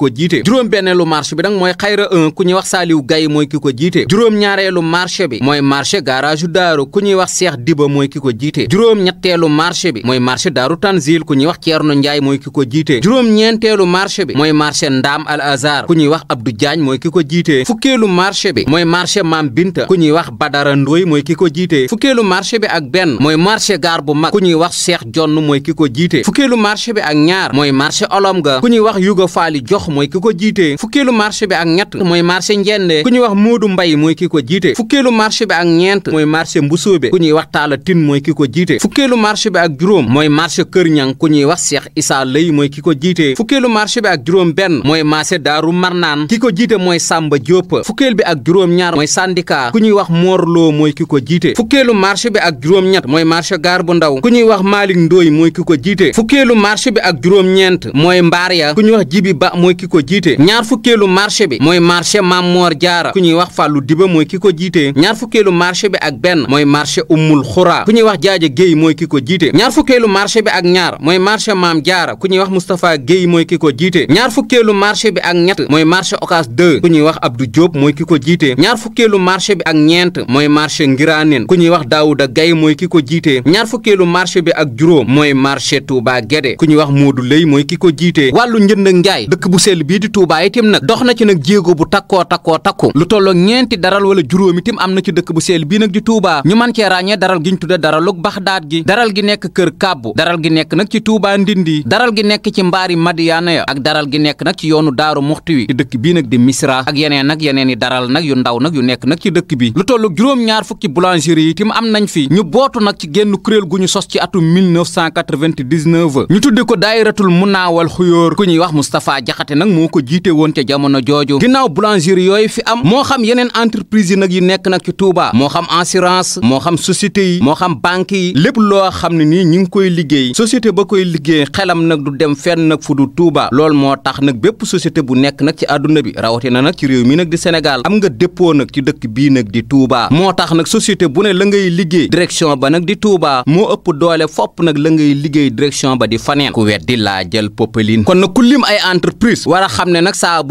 marché bi nag mooy xayra 1 ku ñuy wax Saliou Gaye mooy ki ko jiite ñaareelu marché bi mooy marché garage daaru ku ñuy wax Cheikh Diba mooy ki ko jiite juróom-ñetteelu marché mooy marché daaru Tanzil ku ñuy wax Thierno Ndiaye mooy ki ko jiite juróom-ñeenteelu marché bi mooy marché Ndaam Al ku ñuy wax Abdou Diagne mooy ki ko jiite fukkeelu marché bi mooy marché Mam Binta ku ñuy wax Badara Ndoy mooy ki ko jiite fukkeelu marché bi ak benn mooy marché gaar bu mag ku ñuy wax Cheikh Jonn mooy ki ko jiite fukkeelu marché bi ak ñaar mooy marché Olom ga ku ñuy wax Yuga Faali Jox mooy ki ko jiite fukkeelu marché bi ak ñett mooy marché njende ku ñuy wax Moodu Mbay mooy ki ko jiite fukkeelu marché bi ak ñeent mooy marché Mbusoobe ku ñuy wax Taala mooy ki ko jiite fukkeelu marché bi ak juróom mooy marché Kër Ñang ku ñuy wax Cheikh Issa Lay mooy ki ko jiite fukkeelu marché ak juróom benn mooy marché Daaru Marnaan ki ko jiite mooy Sàmba Jóob fukkeel bi ak juróom ñaar mooy syndicat ku ñuy wax Moorloo mooy ki ko jiite fukkeelu marché bi ak juróom ñett mooy marché Gaar bu Ndaw ku ñuy wax Malick Ndooy mooy ki ko jiite fukkeelu marché bi ak juróom ñeent mooy Mbaar ya ku ñuy wax Jibi Ba mooy ki ko jiite ñaar fukkeelu fukkeelu marché bi mooy marché Maam Moor Jaara ku ñuy wax Fàllu Diba mooy ki ko jiite ñaar fukkeelu marché bi ak benn mooy marché Ummul Xuraa ku ñuy wax Jaaja Géey mooy ki ko jiite ñaar fukkeelu marché bi ak ñaar mooy marché Maam Jaara ku ñuy wax Moustapha Géey mooy ki ko jiite ñaar fukkeelu marché bi ak ñett mooy marché Ocass 2 ku ñuy wax Abdou Diop mooy ki ko jiite ñaar fukkeelu marché bi ak ñeent mooy marché Ngiraaneen ku ñuy wax Daouda gay mooy ki ko jiite ñaar fukkeelu marché bi ak juróom mooy marché Touba Guédé ku ñuy wax Modou Lay mooy ki ko jiite wàllu njënd njaay dëkk dox na ci nag jéego bu takkoo takkoo takku lu tolloo ñeenti daral wala juróomi tim am na ci dëkk bu seel bii nag di Touba ñu man cee ràññee daral gi ñu tudde daralug Baxdaad gi daral gi nekk kër kàbbu daral gi nekk nag ci Touba Ndindi daral gi nekk ci mbaari Madiyaana ya ak daral gi nekk nag ci yoonu Daaru Muxti wi ci dëkk bii nag di Misra ak yeneen nag yeneen i daral nag yu ndaw nag yu nekk nag ci dëkk bi lu tolloo juróom-ñaar fukki boulangerie yi tim am nañ fi ñu bootu nag ci génn kuréel gu ñu sos ci atum 1999 ñu tudde ko daayiratul munaawal xuyóor ku ñuy wax Moustapha Jaxate nag moo ko jiite woon ca jamono jooju ginnaaw boulangerie yooyu fi am moo xam yeneen entreprise yi nag yi nekk nag ci Touba moo xam assurance moo xam société yi moo xam banque yi lépp loo xam ne nii ñi ngi koy liggéey société ba koy liggéey xelam nag du dem fenn nag fu du Touba loolu moo tax nag bépp société bu nekk nag ci àdduna bi rawatina nag ci réew mi nag di Sénégal am nga dépôt nag ci dëkk bii nag di Touba moo tax nag société bu ne la ngay liggéey direction ba nag di Touba moo ëpp doole fopp nag la ngay liggéey direction ba di faneen ku weddi laa jël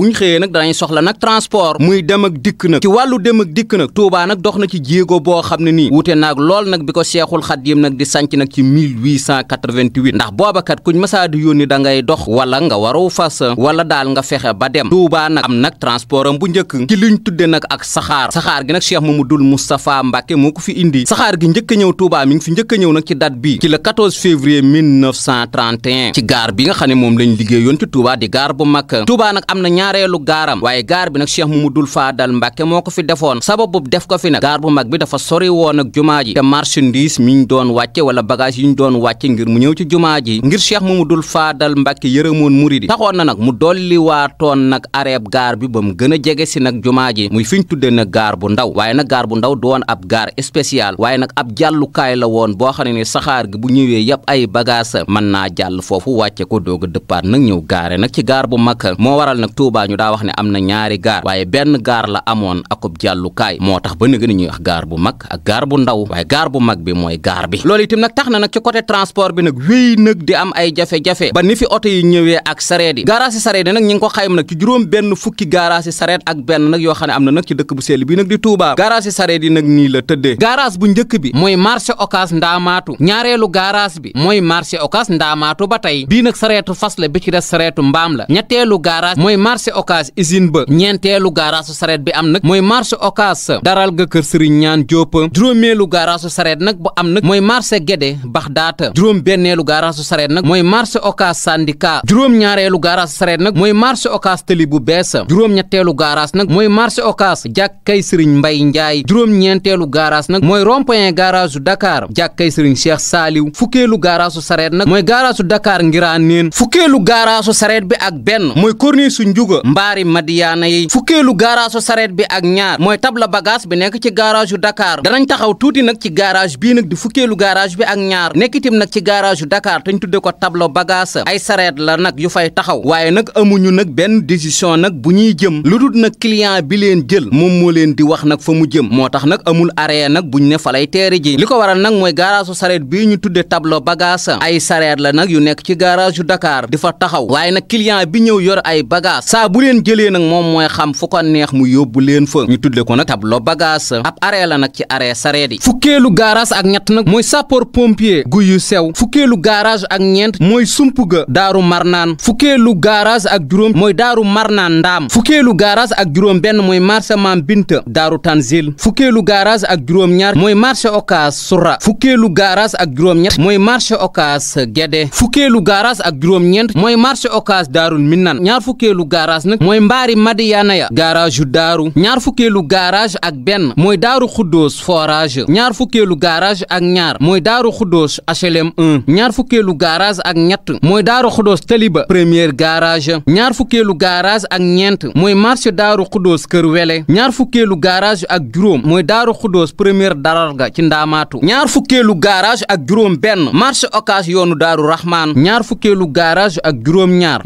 bu ñu xëyee nag danañ soxla nag transport muy dem ak dikk nag ci wàllu dem ak dikk nag Touba nag dox na ci jéego boo xam ne nii wute nag lool nag bi ko Seexul Xadiim nag di sanc nag ci 1888 ndax boobakat kuñ masaa di yónni da ngay dox wala nga waru fas wala daal nga fexe ba dem Touba nag am nag transport bu njëkk ci liñ tudde nag ak saxaar saxaar gi nag Cheikh Mamadou Moustapha Mbacke moo ko fi indi saxaar gi njëkk a ñëw Touba mi ngi fi njëkk ñëw nag ci date bi ci le 14 février 1931 ci gaar bi nga xam ne moom lañ liggéeyoon ci Touba di gaar bu mag ñaareelu gaaram waaye gaar bi nag cheikh mamadul faadal mbàkke moo ko fi defoon sababu def ko fi nag gaar bu mag bi dafa sori woon ak jumaa ji te marchandise mi ñu doon wàcce wala bagage yi ñu doon wàcce ngir mu ñëw ci jumaa ji ngir mu dul faadal mbàkke yërëmoon di taxoon na nag mu dolli waatoon nag areeb gaar bi ba mu gën a jege si nag jumaa ji muy fi ñu tudde nag gaar bu ndaw waaye nag gaar bu ndaw doon ab gaar spécial waaye nag ab jàllukaay la woon boo xam saxaar gi bu ñëwee yëpp ay bagage mën naa jàll foofu wàcce ko doog dëppaat nag ñëw gaare nag ci gaar mag Touba ñu daa wax ne am na ñaari gaar waaye benn gaar la amoon akub jàllukaay moo tax ba nëgë ni ñuy wax gaar bu mag ak gaar bu ndaw waaye gaar bu mag bi mooy gaar bi lool loolu itam nag tax na nag ci côté transport bi nag wéy nag di am ay jafe-jafe ba ni fi oto yi ñëwee ak sareet yi gaaraasi sareet yi nag ñi ngi ko xayma nag ci juróom benn fukki gaaraasi sareet ak benn nag yoo xam ne am na nag ci dëkk bu sell bi nag di Touba gaaraasi sareet yi nag nii la tëddee gaaraas bu njëkk bi mooy marché Ocass ndaamaatu ñaareelu gaaraas bi mooy marché Ocass ndaamaatu ba tey bii nag sareetu fas la ci des sareetu mbaam la Ocass usine ba ñeenteelu gaaraasu sareet bi am nag mooy marché Ocass daral ga kër Serigne Ñaan Diop juróomeelu gaaraasu sareet nag bu am nag mooy marché Guédé Baxdaata juróom benneelu gaaraasu sareet nag mooy marché Ocass Sandika juróom ñaareelu gaaraasu sareet nag mooy marché Ocass tëli bu bees juróom ñetteelu nag mooy marché Ocass jàkkay Serigne Mbay Njaay juróom ñeenteelu gaaraas nag mooy rond-point gaaraasu Dakar jàkkay Serigne Cheikh Saaliw fukkeelu gaaraasu sareet nag mooy gaaraasu dakaar ngiraa neen fukkeelu gaaraasu sareet bi ak benn mooy corniche su njuga mbaari madiyaana yi fukkeelu garage sareet bi ak ñaar mooy tabla bagage bi nekk ci garage dakaar Dakar danañ taxaw tuuti nag ci garage bii nag di fukkeelu garage bi ak ñaar nekk itam nag ci garage yu Dakar te ñu tudde ko tabla bagage ay sareet la nag yu fay taxaw waaye nag amuñu nag benn décision nag bu ñuy jëm lu dul nag client bi leen jël moom moo leen di wax nag fa mu jëm moo tax nag amul arrêt nag buñ ne fa lay teere ji li ko waral nag mooy garage sareet bii ñu tudde tabla bagage ay sareet la nag yu nekk ci garage Dakar di fa taxaw waaye nag client bi ñëw yor ay bagage bu leen jëlee nag moom mooy xam fu neex mu yóbbu leen fa ñu tudde ko nag tableau bagage ab arrêt la nag ci arrêt sareet yi fukkeelu garage ak ñett nag mooy sapeur pompier guy yu sew fukkeelu garage ak ñeent mooy sumpuga daaru marnaan fukkeelu garage ak juróom mooy daaru marnaan ndaam fukkeelu garage ak juróom benn mooy marché maam binta daaru tanzil fukkeelu garage ak juróom ñaar mooy marché okas ak juróom mooy marché okas gede fukkeelu garage ak juróom ñeent mooy marché okas daarul minnan ñaar fukkeelu garage place nag mooy mbaari madiyaana ya garage yu daaru ñaar fukkeelu garage ak benn mooy daaru xuddoos forage ñaar fukkeelu garage ak ñaar mooy daaru xuddoos HLM 1 ñaar fukkeelu garage ak ñett mooy daaru xuddoos taliba première garage ñaar fukkeelu garage ak ñeent mooy marché daaru xuddoos kër wele ñaar fukkeelu garage ak juróom mooy daaru xuddoos première dararga ci ndaamaatu ñaar fukkeelu garage ak juróom benn marché occas yoonu daaru raxmaan ñaar fukkeelu garage ak juróom ñaar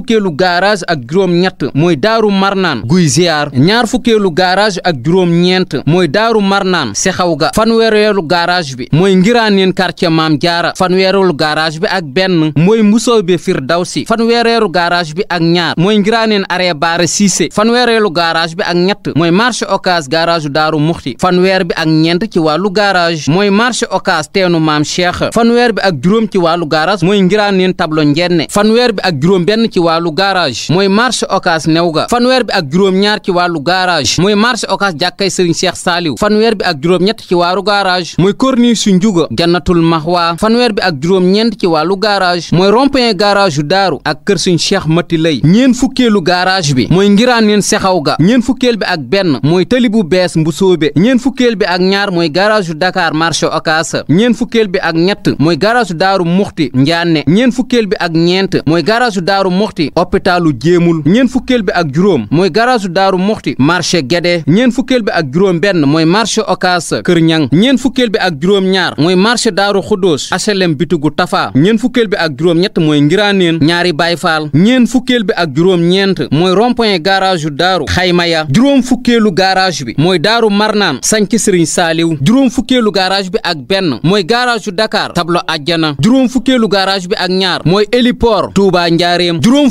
fukkeelu garage ak juróom-ñett mooy daaru marnaan guy ziyaar ñaar fukkeelu garage ak juróom-ñeent mooy daaru marnaan sexaw ga fanweereelu garage bi mooy ngiraaneen quartier maam jaara fanweereelu garage bi ak benn mooy mbusoobe firdawsi fanweereelu garage bi ak ñaar mooy ngiraaneen aree baare siise fanweereelu garage bi ak ñett mooy marché occas garage daaru muxti fanweer bi ak ñeent ci wàllu garage mooy marché occas teenu maam cheikh fanweer bi ak juróom ci wàllu garage mooy ngiraaneen tablo njenne fanweer bi ak juróom benn ci wàllu garage mooy marché occas new ga fanweer bi ak juróom-ñaar ci wàllu garage mooy marché occas jàkkay sëriñ Cheikh Saaliw fanweer bi ak juróom-ñett ci waaru garage mooy corniche su njuga jannatul maxwa fanweer bi ak juróom-ñeent ci wàllu garage mooy rond-point garage yu daaru ak kër suñ Cheikh Mati Lay ñeen fukkeelu garage bi mooy ngiraaneen sexaw ga ñeen fukkeel bi ak benn mooy tali bu bees mbu soobe ñeen fukkeel bi ak ñaar mooy garage yu marché occas ñeen fukkeel bi ak ñett mooy garage yu daaru muxti njaane ñeen fukkeel bi ak ñeent mooy garage daaru muxti Moxti hôpitalu Jéemul ñeen fukkeel bi ak juróom mooy garaasu Daaru Moxti marché Guédé ñeen fukkeel bi ak juróom benn mooy marché Ocass Kër Ñang ñeen fukkeel bi ak juróom ñaar mooy marché Daaru Xuddoos HLM bitigu Tafa ñeen fukkeel bi ak juróom ñett mooy Ngiraaneen ñaari Baay Faal ñeen fukkeel bi ak juróom ñeent mooy rond-point garage yu Daaru Xaymaya juróom fukkeelu garage bi mooy Daaru Marnaan Sanki Sëriñ Saaliw juróom fukkeelu garage bi ak benn mooy garage yu Dakar Tablo Ajjana juróom garage bi ak ñaar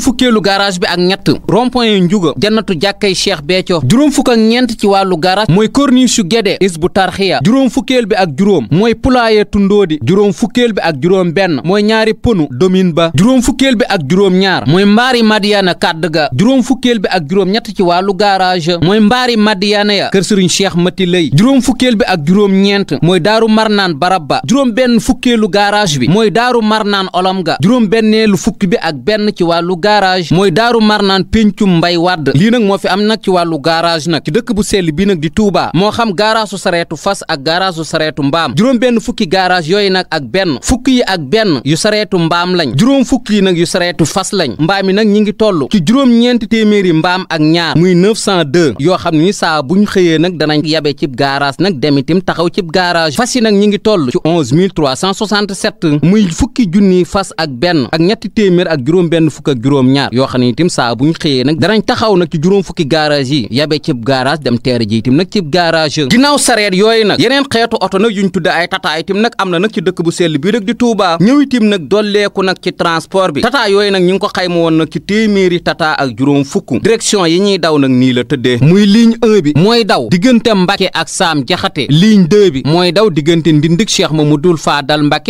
juróom fukkeelu garage bi ak ñett rond-point yu njuga jannatu jàkkay Cheikh Béthio juróom fukk ak ñeent ci wàllu garage mooy corniche gede Guédé Hizbu Tarxiya juróom fukkeel bi ak juróom mooy poulailler Tundóodi juróom fukkeel bi ak juróom benn mooy ñaari pënu domine ba juróom fukkeel bi ak juróom ñaar mooy mbaari Madiana kàdd ga juróom fukkeel bi ak juróom ñett ci wàllu garage mooy mbaari Madiana ya kër Serigne Cheikh Mati Lay juróom fukkeel bi ak juróom ñeent mooy daaru marnaan barabba juróom benn fukkeelu garage bi mooy daaru marnaan olom ga juróom bi ak benn ci wàllu garage garage mooy daaru marnaan péncum mbay wàdd lii nag moo fi am nag ci wàllu garage nag ci dëkk bu sell bi nag di Touba moo xam garage sareetu fas ak garage su sareetu mbaam juróom benn fukki garage yooyu nag ak benn fukki yi ak benn yu sareetu mbaam lañ juróom fukki yi nag yu sareetu fas lañ mbaam yi nag ñi ngi toll ci juróom ñeenti téeméeri mbaam ak ñaar muy 902 yoo xam ni saa bu ñu xëyee nag danañ yabe cib garage nag demitim taxaw cib garage fas yi nag ñi ngi toll ci 11 367 muy fukki junni fas ak benn ak ñetti téeméer ak juróom benn fukk ak juróom juróom-ñaar yoo xam ne itam saa bu ñu xëyee nag danañ taxaw nag ci juróom fukki garage yi yabe cib garage dem teere ji itam nag cib garage ginnaaw sareet yooyu yeneen xeetu oto nag yuñ tudde ay tata itam nag am na nag ci dëkk bu sell bii rek di Touba ñëw itam nag dolleeku nag ci transport bi tata yooyu nag ñu ngi ko xayma woon nag ci téeméeri tata ak juróom fukk direction yi daw nag nii la muy ligne 1 mooy daw diggante Mbacke ak Saam Jaxate ligne 2 mooy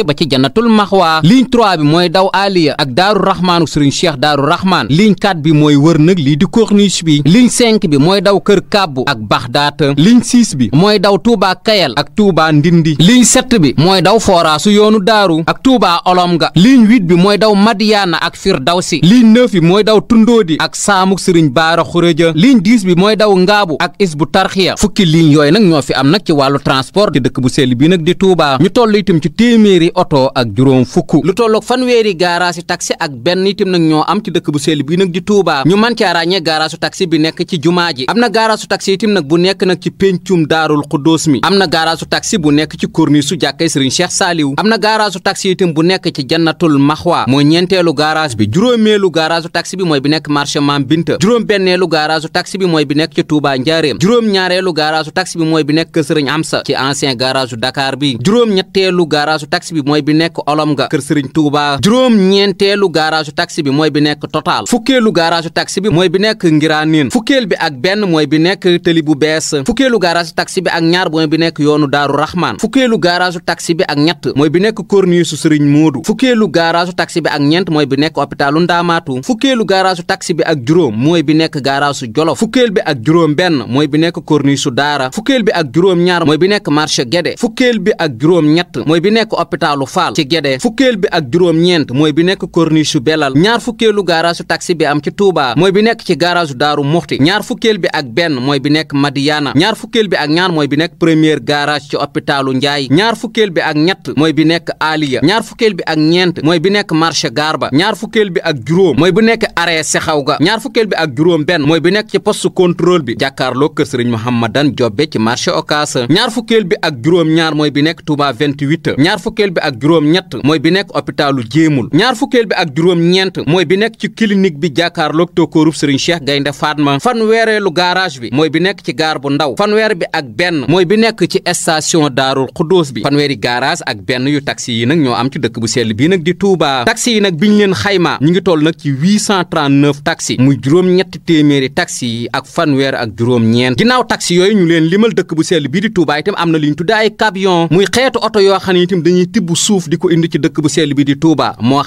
ba ci Jannatul Maxwa ligne 3 bi mooy daw Aliya ak Daaru Rahmaanu Sëriñ Cheikh daaru raxmaan ligne 4 bi mooy wër nag lii di corniche bi ligne 5 bi mooy daw kër kàbbu ak baxdaata ligne 6 bi mooy daw tuubaa kayal ak tuubaa ndindi ligne 7 bi mooy daw foraasu yoonu daaru ak olom ga ligne 8 bi mooy daw madiyaana ak firdawsi ligne 9 bi mooy daw tundoodi ak saamuk sëriñ baara xuréja ligne 10 bi mooy daw ngaabu ak isbu tarxiya fukki ligne yooyu nag ñoo fi am nag ci wàllu transport di dëkk bu sell bii nag di Touba ñu toll itam ci téeméeri oto ak juróom fukk lu tolloog fanweeri garage taxi ak benn nag ñoo ci dëkk bu sell bi nag di Touba ñu man caa ràññee gaaraasu taxi bi nekk ci jumaa am na gaaraasu taxi itam nag bu nekk nag ci péncum daarul xuddoos mi am na gaaraasu taxi bu nekk ci corniche su jàkkay sëriñ Cheikh Saaliw am na gaaraasu taxi itam bu nekk ci jannatul maxwa mooy ñeenteelu gaaraas bi juróomeelu gaaraasu taxi bi mooy bi nekk marché Maam Binta juróom benneelu gaaraasu taxi bi mooy bi nekk ci Touba Njaareem juróom ñaareelu gaaraasu taxi bi mooy bi nekk kër sëriñ Amsa ci ancien gaaraasu Dakar bi juróom ñetteelu gaaraasu bi mooy bi nekk Olom ga kër sëriñ Touba juróom ñeenteelu nekk total fukkeelu garage taxi bi mooy bi nekk ngiraanin fukkeel bi ak benn mooy bi nekk tëli bu bees fukkeelu garage taxi bi ak ñaar mooy bi nekk yoonu daaru raxmaan fukkeelu garage taxi bi ak ñett mooy bi nekk corniche sëriñ moodu fukkeelu garage taxi bi ak ñeent mooy bi nekk hôpitalu ndaamaatu fukkeelu garage taxi bi ak juróom mooy bi nekk garage jolof fukkeel bi ak juróom benn mooy bi nekk corniche su daara fukkeel bi ak juróom ñaar mooy bi nekk marché gede fukkeel bi ak juróom ñett mooy bi nekk hôpitalu faal ci gede fukkeel bi ak juróom ñeent mooy bi nekk corniche su belal ñaar fukkeelu ñaareelu gaaraasu taxi bi am ci Touba mooy bi nekk ci gaaraasu Daaru Muxti ñaar fukkeel bi ak benn mooy bi nekk Madiana ñaar fukkeel bi ak ñaar mooy bi nekk première garage ci hôpitalu Njaay ñaar fukkeel bi ak ñett mooy bi nekk Aliya ñaar fukkeel bi ak ñeent mooy bi nekk marché Garba ñaar fukkeel bi ak juróom mooy bi nekk arrêt Sexaw ga ñaar fukkeel bi ak juróom benn mooy bi nekk ci poste contrôle bi jàkkaarloo kër Sëriñ Mouhamadan Jobbe ci marché Ocass ñaar fukkeel bi ak juróom ñaar mooy bi nekk Touba 28 ñaar fukkeel bi ak juróom ñett mooy bi nekk hôpitalu Jéemul nekk ci clinique bi jàkkaarloog tokkoorub sëriñ Cheikh Gaynde Fatma fanweereelu garage bi mooy bi nekk ci gaar bu ndaw fanweer bi ak benn mooy bi nekk ci station Daarul Xuddoos bi fanweeri garage ak benn yu taxi yi nag ñoo am ci dëkk bu sell bii nag di Touba taxi yi nag biñ leen xaymaa ñu ngi toll nag ci 839 taxi muy juróom-ñetti téeméeri taxi yi ak fanweer ak juróom-ñeent ginnaaw taxi yooyu ñu leen limal dëkk bu sell bii di Touba itam am na li ñu tuddee ay camion muy xeetu oto yoo xam ne itam dañuy tibb suuf di ko indi ci dëkk bu sell bii di Touba moo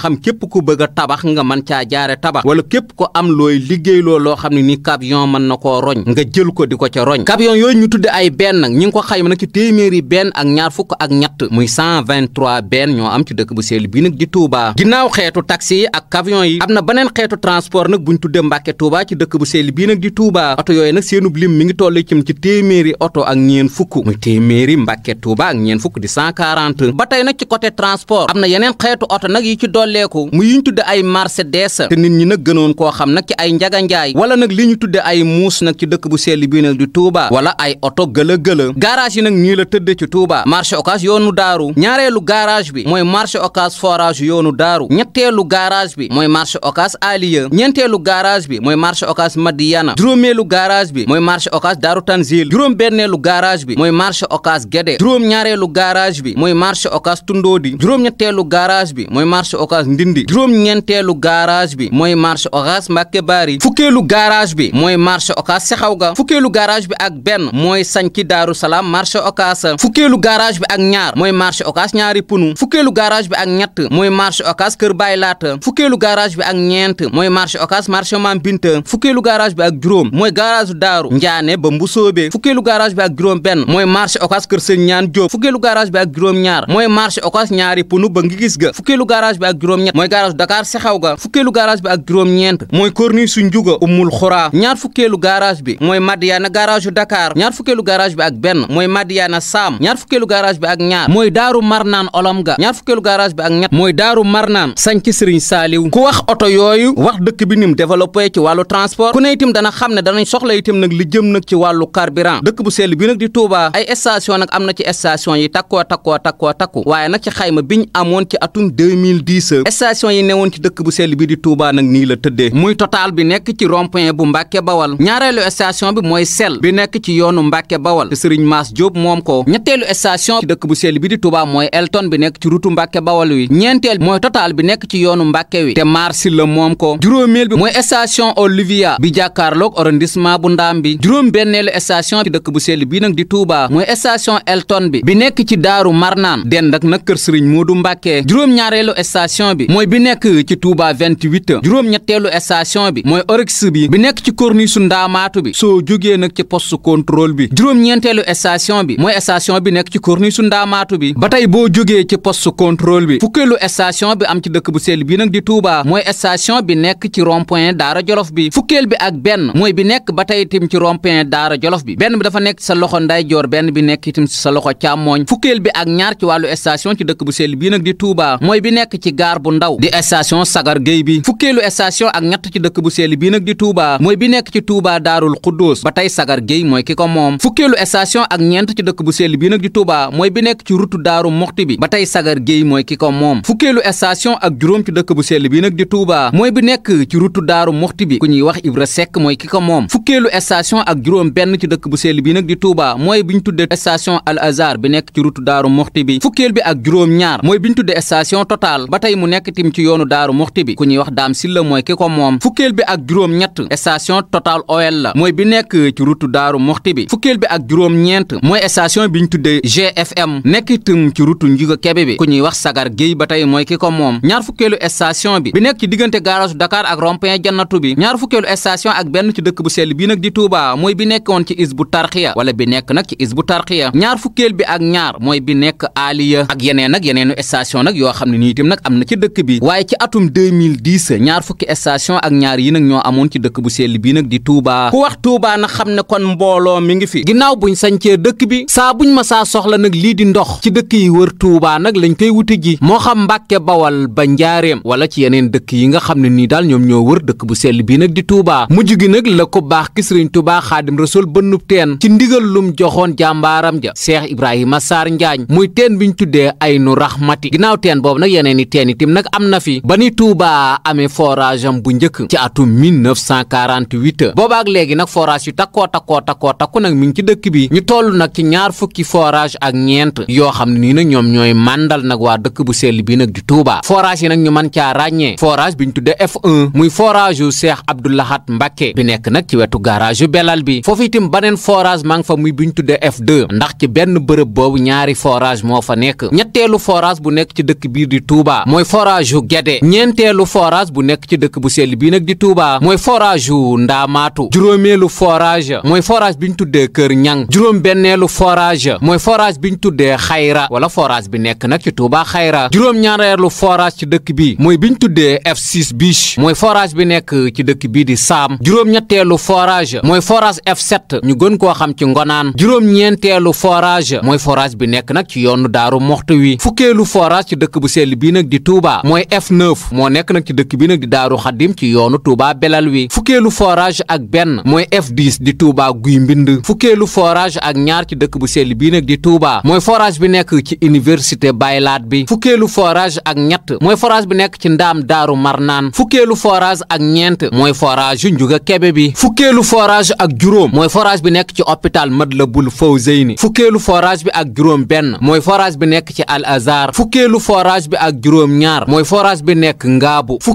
jaare tabax wala képp ko am looy liggéeyloo loo xam ne ni camion mën na koo roñ nga jël ko di ko ca roñ camion yooyu ñu tudde ay benn nag ñi ngi ko xayma nag ci téeméeri benn ak ñaar fukk ak ñett muy 123 benn ñoo am ci dëkk bu sell bii nag di Touba ginnaaw xeetu taxi yi ak camion yi am na beneen xeetu transport nag buñ tudde Mbàkke Touba ci dëkk bu sell bii nag di Touba oto yooyu nag seenub lim mi ngi toll ci ci téeméeri oto ak ñeen fukk muy téeméeri Mbàkke fukk di 140 ba tey nag ci côté transport am oto nag yi ci dolleeku mu yiñ farsa te nit ñi nag gënoon koo xam nag ci ay njaganjaay wala nag li ñu tudde ay muus nag ci dëkk bu sell bii nag di Touba wala ay oto gëla-gëla garage yi nag nii la tëdde ci Touba marché Ocass yoonu daaru ñaareelu garage bi mooy marché Ocass forage yoonu daaru ñetteelu garage bi mooy marché Ocass Aliya ñeenteelu garage bi mooy marché Ocass Madiyana juróomeelu garage bi mooy marché Ocass Daaru Tanzil juróom benneelu garage bi mooy marché Ocass Guédé juróom ñaareelu garage bi mooy marché Ocass Tundóodi juróom ñetteelu garage bi mooy marché Ocass Ndindi garage bi mooy marché Ocass Mbàkke Baari fukkeelu garage bi mooy marché Ocass Sexaw ga fukkeelu garage bi ak benn mooy Sanki Daaru Salaam marché Ocass fukkeelu garage bi ak ñaar mooy marché Ocass ñaari punu fukkeelu garage bi ak ñett mooy marché Ocass Kër Baay Laata fukkeelu garage bi ak ñeent mooy marché Ocass marché Maam Binta fukkeelu garage bi ak juróom mooy garage Daaru Njaane ba Mbusoobe fukkeelu garage bi ak juróom benn mooy marché Ocass Kër Sëñ Ñaan Jóob fukkeelu garage bi ak juróom ñaar mooy marché Ocass ñaari punu ba ngi gis ga fukkeelu garage bi ak juróom ñett mooy garage Dakar Sexaw ga fukkeelu garage bi ak juróom-ñeent mooy corniche su njuga bi mooy madiyaana garage yu Dakar ñaar fukkeelu garage bi ak benn mooy madiyaana saam ñaar fukkeelu garage bi ak ñaar mooy daaru marnaan olomga ñaar fukkeelu garage bi ak ñett ku wax oto yooyu wax dëkk bi nim développé ci wàllu transport ku ne itam dana xam ne danañ soxla itam nag li jëm nag ci wàllu carburant dëkk bu sell bi nag di Touba ay station nag am na ci station yi takkoo takkoo takkoo takku waaye nag ci xayma biñ amoon ci atum 2010 station yi newoon ci dëkk bu sell bi di Touba Touba nag nii la tëddee muy total bi nekk ci rond bu Mbàkke Bawal ñaareelu station bi mooy sel bi nekk ci yoonu Mbàkke Bawal te Serigne Mass Diop moom ko ñetteelu station ci dëkk bu sel bi di Touba mooy Elton bi nekk ci rutu Mbàkke Bawal wi ñeenteel mooy total bi nekk ci yoonu Mbàkke wi te Marsi la moom ko juróomeel bi mooy station Olivia bi jàkkaarloog arrondissement bu Ndaam bi juróom benneelu station ci dëkk bu sel bi nag di Touba mooy station Elton bi bi nekk ci Daaru Marnaan dend ak nag kër Serigne Modou Mbàkke juróom ñaareelu 8 juróom-ñetteelu station bi mooy oryx bi bi nekk ci corniche ndaamaatu bi soo jógee nag ci post contrôle bi juróom-ñeenteelu station bi mooy station bi nekk ci corniche ndaamaatu bi ba tey boo jógee ci poste contrôle bi fukkeelu station bi am ci dëkk bu sell bii nag di tuubaa mooy station bi nekk ci rond Daara Jolof bi fukkeel bi ak benn mooy bi nekk ba tey itam ci rond Daara Jolof bi benn bi dafa nekk sa loxo ndeyjoor benn bi nekk itam sa loxo càmmooñ fukkeel bi ak ñaar ci wàllu station ci dëkk bu sell bii nag di Touba bi nekk ci gaar bu ndaw di station Sagar Gueye bi fukkeelu station ak ñett ci dëkk bu sell bii nag di Touba mooy bi nekk ci Touba Daarul Xuddus ba tey Sagar Gueye mooy ki ko moom fukkeelu station ak ñeent ci dëkk bu sell bii nag di Touba mooy bi nekk ci rutu Daaru Moxti bi ba tey Sagar Gueye ki ko moom fukkeelu station ak juróom ci dëkk bu sell bii nag di Touba mooy nekk ci rutu Daaru Moxti bi ku ñuy wax Ibra Seck mooy ki ko moom fukkeelu station ak juróom benn ci dëkk bu sell bii nag di Touba mooy bi ñu tudde station Al Azhar bi nekk ci rutu Daaru Moxti bi fukkeel bi ak juróom ñaar mooy bi ñu tudde station Total ba tey mu nekk tim ci yoonu Daaru Moxti bi ku ñuy wax Dame Sylla mooy ki ko moom fukkeel bi ak juróom-ñett station Total OL la mooy bi nekk ci rutu Daaru Moxti bi fukkeel bi ak juróom-ñeent mooy station bi ñu tuddee GFM nekk itam ci rutu Njigo Kebe bi ku ñuy wax Sagar Guèye ba tey mooy ki ko moom ñaar fukkeelu station bi bi nekk ci diggante garage Dakar ak rond-point Jannatu bi ñaar fukkeelu station ak benn ci dëkk bu sell bii nag di Touba mooy bi nekkoon ci Hizbut Tarqiyyah wala bi nekk nag ci Hizbut Tarqiyyah ñaar fukkeel bi ak ñaar bi nekk Aliya ak yeneen ak yeneenu station nag yoo xam ne nii itam nag am na ci dëkk bi dix ñaar fukki station ak ñaar yi nag ñoo amoon ci dëkk bu sell bii nag di Touba ku wax Touba nag xam ne kon mbooloo mi ngi fi ginnaaw buñ sañcee dëkk bi saa buñ ma saa soxla nag lii di ndox ci dëkk yi wër tuubaa nag lañu koy wuti ji moo xam Mbàkke Bawal ba Njaareem wala ci yeneen dëkk yi nga xam ne nii daal ñoom ñoo wër dëkk bu sell bii nag di Touba mu gi nag la ko baax ki Sëriñ Touba Xaadim Rasul bënnub teen ci ndigal lum joxoon jàmbaaram ja Cheikh Ibrahima Sarr Njaañ muy teen biñ tuddee Aynu Rahmati ginnaaw teen boobu nag yeneen i teen itim nag am na fi amee forage am bu njëkk ci atum 1948 boobaak léegi nag forage yu takkoo takkoo takkoo takku nag mi ngi bi ñu toll nag ci ñaar fukki forage ak ñeent yoo xam ne nii nag ñoom ñooy màndal nag waa dëkk bu sell bi nag di Touba forage yi nag ñu mën caa ràññee forage bi ñu tudde F1 muy forage seex Cheikh Abdou Lahat Mbacké bi nekk nag ci wetu garage Belal bi foofu itam baneen forage maa ngi fa muy bi ñu tudde F2 ndax ci benn bërëb boobu ñaari forage moo fa nekk ñetteelu forage bu nekk ci dëkk biir di Touba mooy forage yu ñeenteelu forage forage bu nekk ci dëkk bu sell bii nag di Touba mooy forage wu Ndaamaatu juróomeelu forage mooy forage bi ñu tuddee Kër Ñang juróom benneelu forage mooy forage bi ñu tuddee Xayra wala forage bi nekk nag ci Touba Xayra juróom ñaareelu forage ci dëkk bi mooy bi ñu tuddee f sis Biche mooy forage bi nekk ci dëkk bii di Saam juróom-ñetteelu forage mooy forage F7 ñu gën koo xam ci Ngonaan juróom-ñeenteelu forage mooy forage bi nekk nag ci yoonu Daaru Moxtu wi fukkeelu forage ci dëkk bu sell bii nag di Touba mooy F9 dëkk bi nag di daaru xaddim ci yoonu Touba belal wi fukkeelu forage ak benn mooy f di Touba guy mbind fukkeelu forage ak ñaar ci dëkk bu sell bii nag di Touba mooy forage bi nekk ci université baylaat bi fukkeelu forage ak ñett mooy forage bi nekk ci ndaam daaru marnaan fukkeelu forage ak ñeent mooy forage yu njuga kebe bi fukkeelu forage ak juróom mooy forage bi nekk ci hôpital Matlaboul Fawzeyni fukkeelu forage bi ak juróom benn mooy forage bi nekk ci Al Azhar fukkeelu forage bi ak juróom ñaar mooy forage bi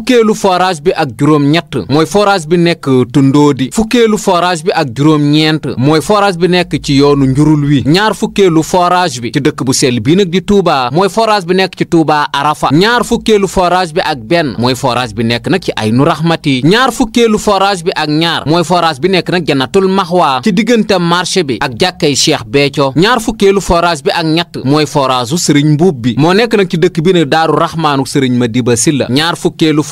fukkeelu forage bi ak juróom-ñett mooy forage bi nekk Tundóodi fukkeelu forage bi ak juróom-ñeent mooy forage bi nekk ci yoonu njurul wi ñaar fukkeelu forage bi ci dëkk bu sell bii nag di Touba mooy forage bi nekk ci Touba Arafa ñaar fukkeelu forage bi ak benn mooy forage bi nekk nag ci ay Aynu Raxmati ñaar fukkeelu forage bi ak ñaar mooy forage bi nekk nag Jannatul Maxwa ci diggante marché bi ak jàkkay Cheikh Béthio ñaar fukkeelu forage bi ak ñett mooy forage u Sëriñ Mbuub bi moo nekk nag ci dëkk bi ne Daaru Raxmaanu Sëriñ Madiba Silla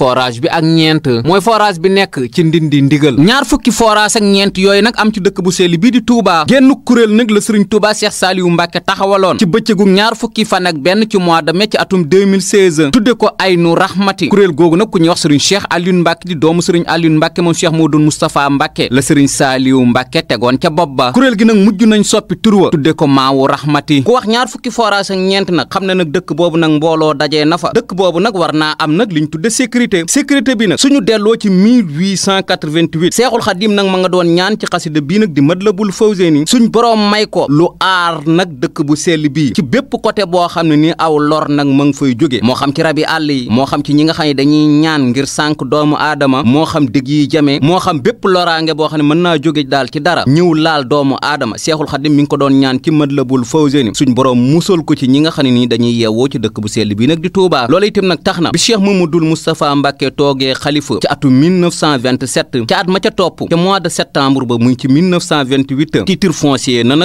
forage bi ak ñeent mooy forage bi nekk ci ndindi ndigal ñaar fukki forage ak ñeent yooyu nag am ci dëkk bu seeli bii di Touba génn kuréel nag la sëriñ Touba Cheikh Saliou Mbacke taxawaloon ci bëccëgu ñaar fukki fan ak benn ci mois de mai ci atum 2016 tudde ko Aynu Rahmati kuréel googu nag ku ñuy wax sëriñ Cheikh Alioune Mbacke di doomu sëriñ Alioune Mbacke moom Cheikh Modou Moustapha Mbacke la sëriñ Saliou Mbacke tegoon ca bopp ba kuréel gi nag mujj nañ soppi tur wa tudde ko Maawu Rahmati ku wax ñaar fukki forage na fa dëkk boobu nag war naa sécurité sécurité bi nag suñu delloo ci 1888 seexul xadim nag ma nga doon ñaan ci xasida bii nag di Matlabul Fawzeyni suñu boroom may ko lu aar nag dëkk bu sell bii ci bépp côté boo xam ne ni aw lor nag ma ngi fay jóge moo xam ci rab àll yi moo xam ci ñi nga xam ne dañuy ñaan ngir sànq doomu aadama moo xam dëgg yi jamee moo xam bépp loraange boo xam ne mën naa jóge daal ci dara ñëw laal doomu aadama seexul xadim mi ngi ko doon ñaan ci Matlabul Fawzeyni suñ boroom musal ko ci ñi nga xam ne nii dañuy yeewoo ci dëkk bu sell bii nag di Tuubaa Mbàkke toogee xalifa ci atu 1927 ca at ma ca topp ca mois de septembre ba muy ci 1928 titre foncier na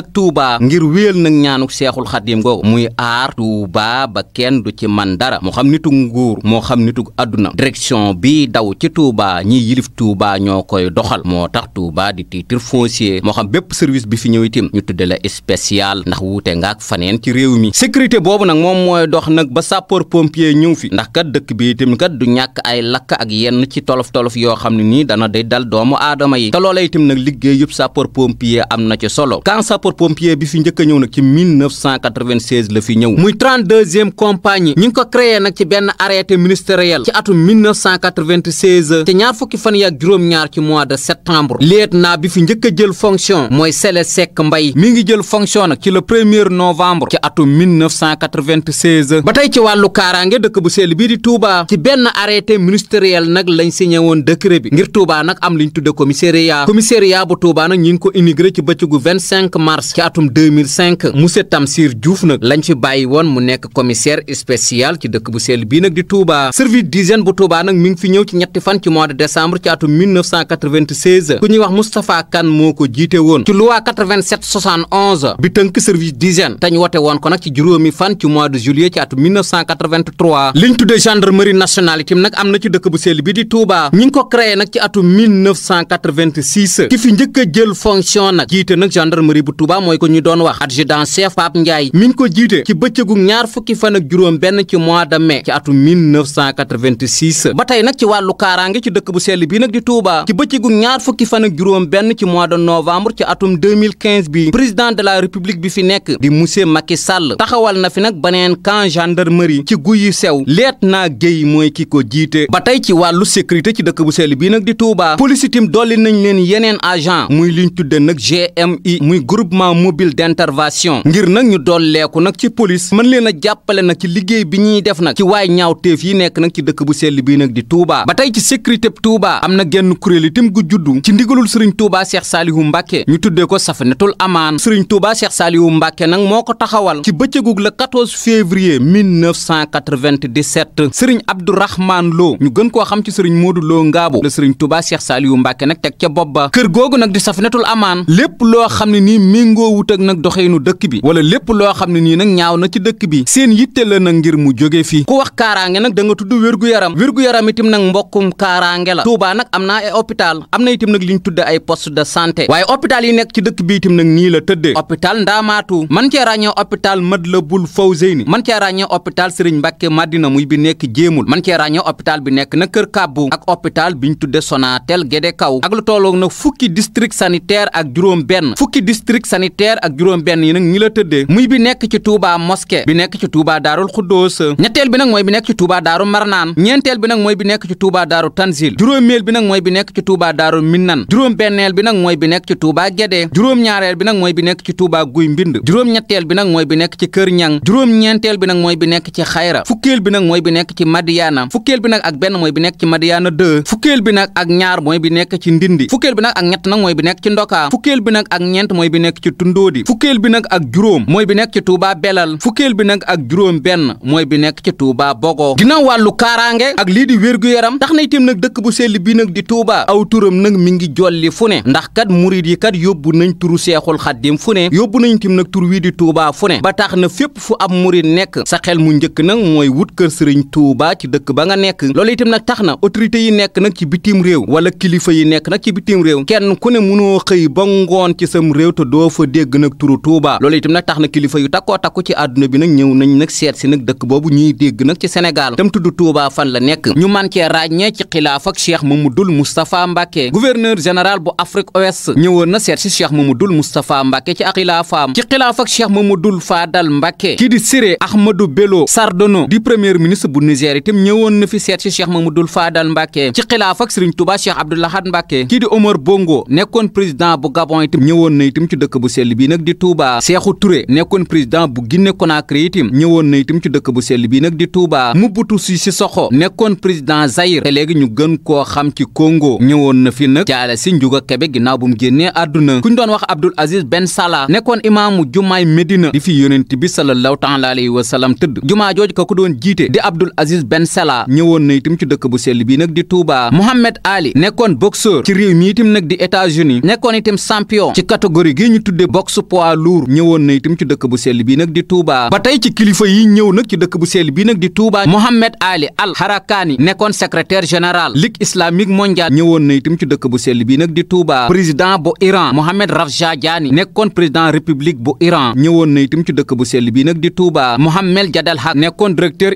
ngir wéel nag ñaanuk Seexul Xadim googu muy aar Touba ba kenn du ci man dara moo xam nitug nguur moo xam nitug àdduna direction bi daw ci Touba ñi yilif Touba ñoo koy doxal moo tax Touba di titre foncier moo xam bépp service bi fi ñëw itam ñu tudde la spécial ndax wuute nga ak faneen ci réew mi sécurité boobu nag moom mooy dox nag ba sapeur pompier ay lakk ak yenn ci tolof-tolof yoo xam ne nii dana day dal doomu aadama yi te loola itam nag liggéey yëpp sapeur pompier am na ci solo quand sapeur pompier bi fi njëkk ñëw nag ci la fi ñëw muy 32e compagnie ñi ngi ko créé nag ci benn arrêté ministériel ci atum 1996 ci ñaar fukki fan yaak juróom-ñaar ci mois de septembre lieutenant bi fi njëkk jël fonction mooy Sele Seck Mbay mi ngi jël fonction nag ci le 1er novembre ci atum 1996 ba tey ci wàllu kaaraange dëkk arrêté ministériel nag lañ signé woon décret bi ngir Touba nag am liñ tudde commissariat commissariat bu Touba nag ñi ngi ko immigré ci bëccëgu 25 mars ci atum 2005 monsieur Tamsir Diouf nag lañ fi bàyyi woon mu nekk commissaire spécial ci dëkk bu sell bii nag di Touba service d'hygiène bu Touba nag mi ngi fi ñëw ci ñetti fan ci mois de décembre ci atum 1996 ku ñuy wax Moustapha Kane moo ko jiite woon ci loi ko nag ci juróomi fan ci mois de juillet ci atum am na ci dëkk bu sell bi di Touba ñi ngi ko créé nag ci atum 1986 ki fi njëkk a jël fonction nag jiite nag gendarmerie bu Touba mooy ko ñu doon wax adjudant chef Pape Ndiaye mi ngi ko jiite ci bëccëgu ñaar fukki fan ak juróom benn ci mois de mai ci atum 1986 ba tey nag ci wàllu kaaraange ci dëkk bu sell bi nag di Touba ci bëccëgu ñaar fukki fan ak juróom benn ci mois de novembre ci atum 2015 bi président de la république bi fi nekk di monsieur Macky Sall taxawal na fi nag beneen camp gendarmerie ci guyu sew leet naa géy mooy ki ko jiite sécurité ba tey ci wàllu sécurité ci dëkk bu seeli bii nag di Touba police itam dolli nañ leen yeneen agent muy liñ tudde nag GMI muy groupement mobile d'intervention ngir nag ñu dolleeku nag ci police mën leen a jàppale nag ci liggéey bi ñuy def nag ci waay ñaaw téef yi nekk nag ci dëkk bu sell bii nag di Touba ba tey ci sécurité bi am na genn kuréel itam gu juddu ci ndigalul Serigne Touba Cheikh Salihu Mbacke ñu tuddee ko Safinatul Amaan Serigne Touba Cheikh Salihu Mbacke nag moo ko taxawal ci bëccëgu le 14 février 1997 Serigne Abdourahmane Lo ñu gën koo xam ci sëriñ Modou Lo Ngabo la sëriñ Touba Cheikh Saliou Mbacke nag teg ca bopp ba kër googu nag di Safinatul Amaan lépp loo xam ne nii méngoo wut ak nag doxeenu dëkk bi wala lépp loo xam ne nii nag ñaaw na ci dëkk bi seen yitte la nag ngir mu jóge fii ku wax kaaraange nag da nga tudd wér-gu-yaram wér-gu-yaram itam nag mbokkum kaaraange la Touba nag am naa ay hôpital am na itam nag li ñu tudde ay poste de santé waaye hôpital yi nekk ci dëkk bi itam nag nii la tëddee hôpital Ndaamaatu man cee ràññee hôpital Madlabul Fawzeyni man cee ràññee hôpital Sëriñ Mbacke Madina muy hôpital bi nekk na Kër Kàbbu ak hôpital bi ñu tudde Sonatel Gédé Kaw ak lu tolloog nag fukki district sanitaire ak juróom benn fukki district sanitaire ak juróom benn yi nag ñi la tëddee muy bi nekk ci Touba Mosquée bi nekk ci Touba Daarul Xuddoos ñetteel bi nag mooy bi nekk ci Touba Daaru Marnaan ñeenteel bi nag mooy bi nekk ci Touba Daaru Tanzil juróomeel bi nag mooy bi nekk ci Touba Daaru Minnan juróom benneel bi nag mooy bi nekk ci Touba Gédé juróom ñaareel bi nag mooy bi nekk ci Touba Guy Mbind juróom ñetteel bi nag mooy bi nekk ci Kër Ñang juróom ñeenteel bi nag mooy bi nekk ci Xayra fukkeel bi nag mooy bi nekk ci Madiyaana fukkeel bi nag ak benn mooy bi nekk ci Madiana 2 fukkeel bi nag ak ñaar mooy bi nekk ci Ndindi fukkeel bi nag ak ñett nag mooy nekk ci Ndoka fukkeel bi ak ñeent mooy bi nekk ci Tundóodi fukkeel bi nag ak juróom mooy bi nekk ci Touba Belal fukkeel bi nag ak juróom benn mooy bi nekk ci Touba Bogo ginnaaw wàllu kaaraange ak lii di yaram tax na itam nag dëkk bu seeli bi nag di Touba aw turam nag mi ngi jolli fu ne ndax kat murid yi kat yóbbu nañ turu Seexul Xaddim fu ne yóbbu nañ tim nag tur wii di Touba fu ne ba tax na fépp fu am murid nekk sa xel mu njëkk nag mooy wut kër Sëriñ Touba ci dëkk ba nga nekk nekk loolu itam nag tax na autorité yi nekk nag ci bitim réew wala kilifa yi nekk nag ci bitim réew kenn ku ne munoo xëy ba ngoon ci sam réew te doo fa dégg nag turu Touba loolu itam nag tax na kilifa yu takkoo takku ci àdduna bi nag ñëw nañ seet si nag dëkk boobu ñuy dégg nag ci Sénégal tam tudd Touba fan la nekk ñu man cee ràññee ci xilaaf ma Cheikh Mamadou Moustapha Mbacké gouverneur général bu Afrique Ouest ñëwoon na seet si Cheikh ma Moustapha Mbacké ci xilaafaam ci xilaaf ak Cheikh Mamadou Fadal Mbacké kii di Siré Ahmadou Bello Sardono di premier ministre bu Niger itam ñëwoon na seet si cheikh Mamadou Fadal Mbacke ci xilaaf ak sëriñ Touba cheikh Abdou Lahad di Omar Bongo nekkoon président bu Gabon itam ñëwoon na itam ci dëkk bu sell bii nag di Touba Cheikhou Touré nekkoon président bu Guinée Conakry itam ñëwoon na itam ci dëkk bu sell bii nag ñu gën koo xam ci Congo ñëwoon na fi nag jaale si Ndiouga Kébé ginnaaw bu mu génnee àdduna ku ñu doon wax Abdoul Aziz Ben Salah nekkoon imaamu jumaay Medina di fi yonent bi sallallahu nekkoon na itam ci dëkk bu sell bii nag di Touba Mohamed Ali nekkoon boxeur ci réew mi itam nag di États-Unis nekkoon itam champion ci catégorie gi ñu tudde boxe poids lourd ñëwoon na itam ci dëkk bu sell bii nag di Touba ba tey kilifa yi ñëw nag dëkk bu sell bii nag di Touba Mohamed Ali Al Harakani nekkoon secrétaire général Ligue islamique mondiale ñëwoon na itam ci dëkk bu sell bii nag di Touba président bu Iran Mohamed Rafsanjani nekkoon président république bu Iran ñëwoon na itam ci dëkk bu sell bii nag di Touba Mohamed Jadal Haq nekkoon directeur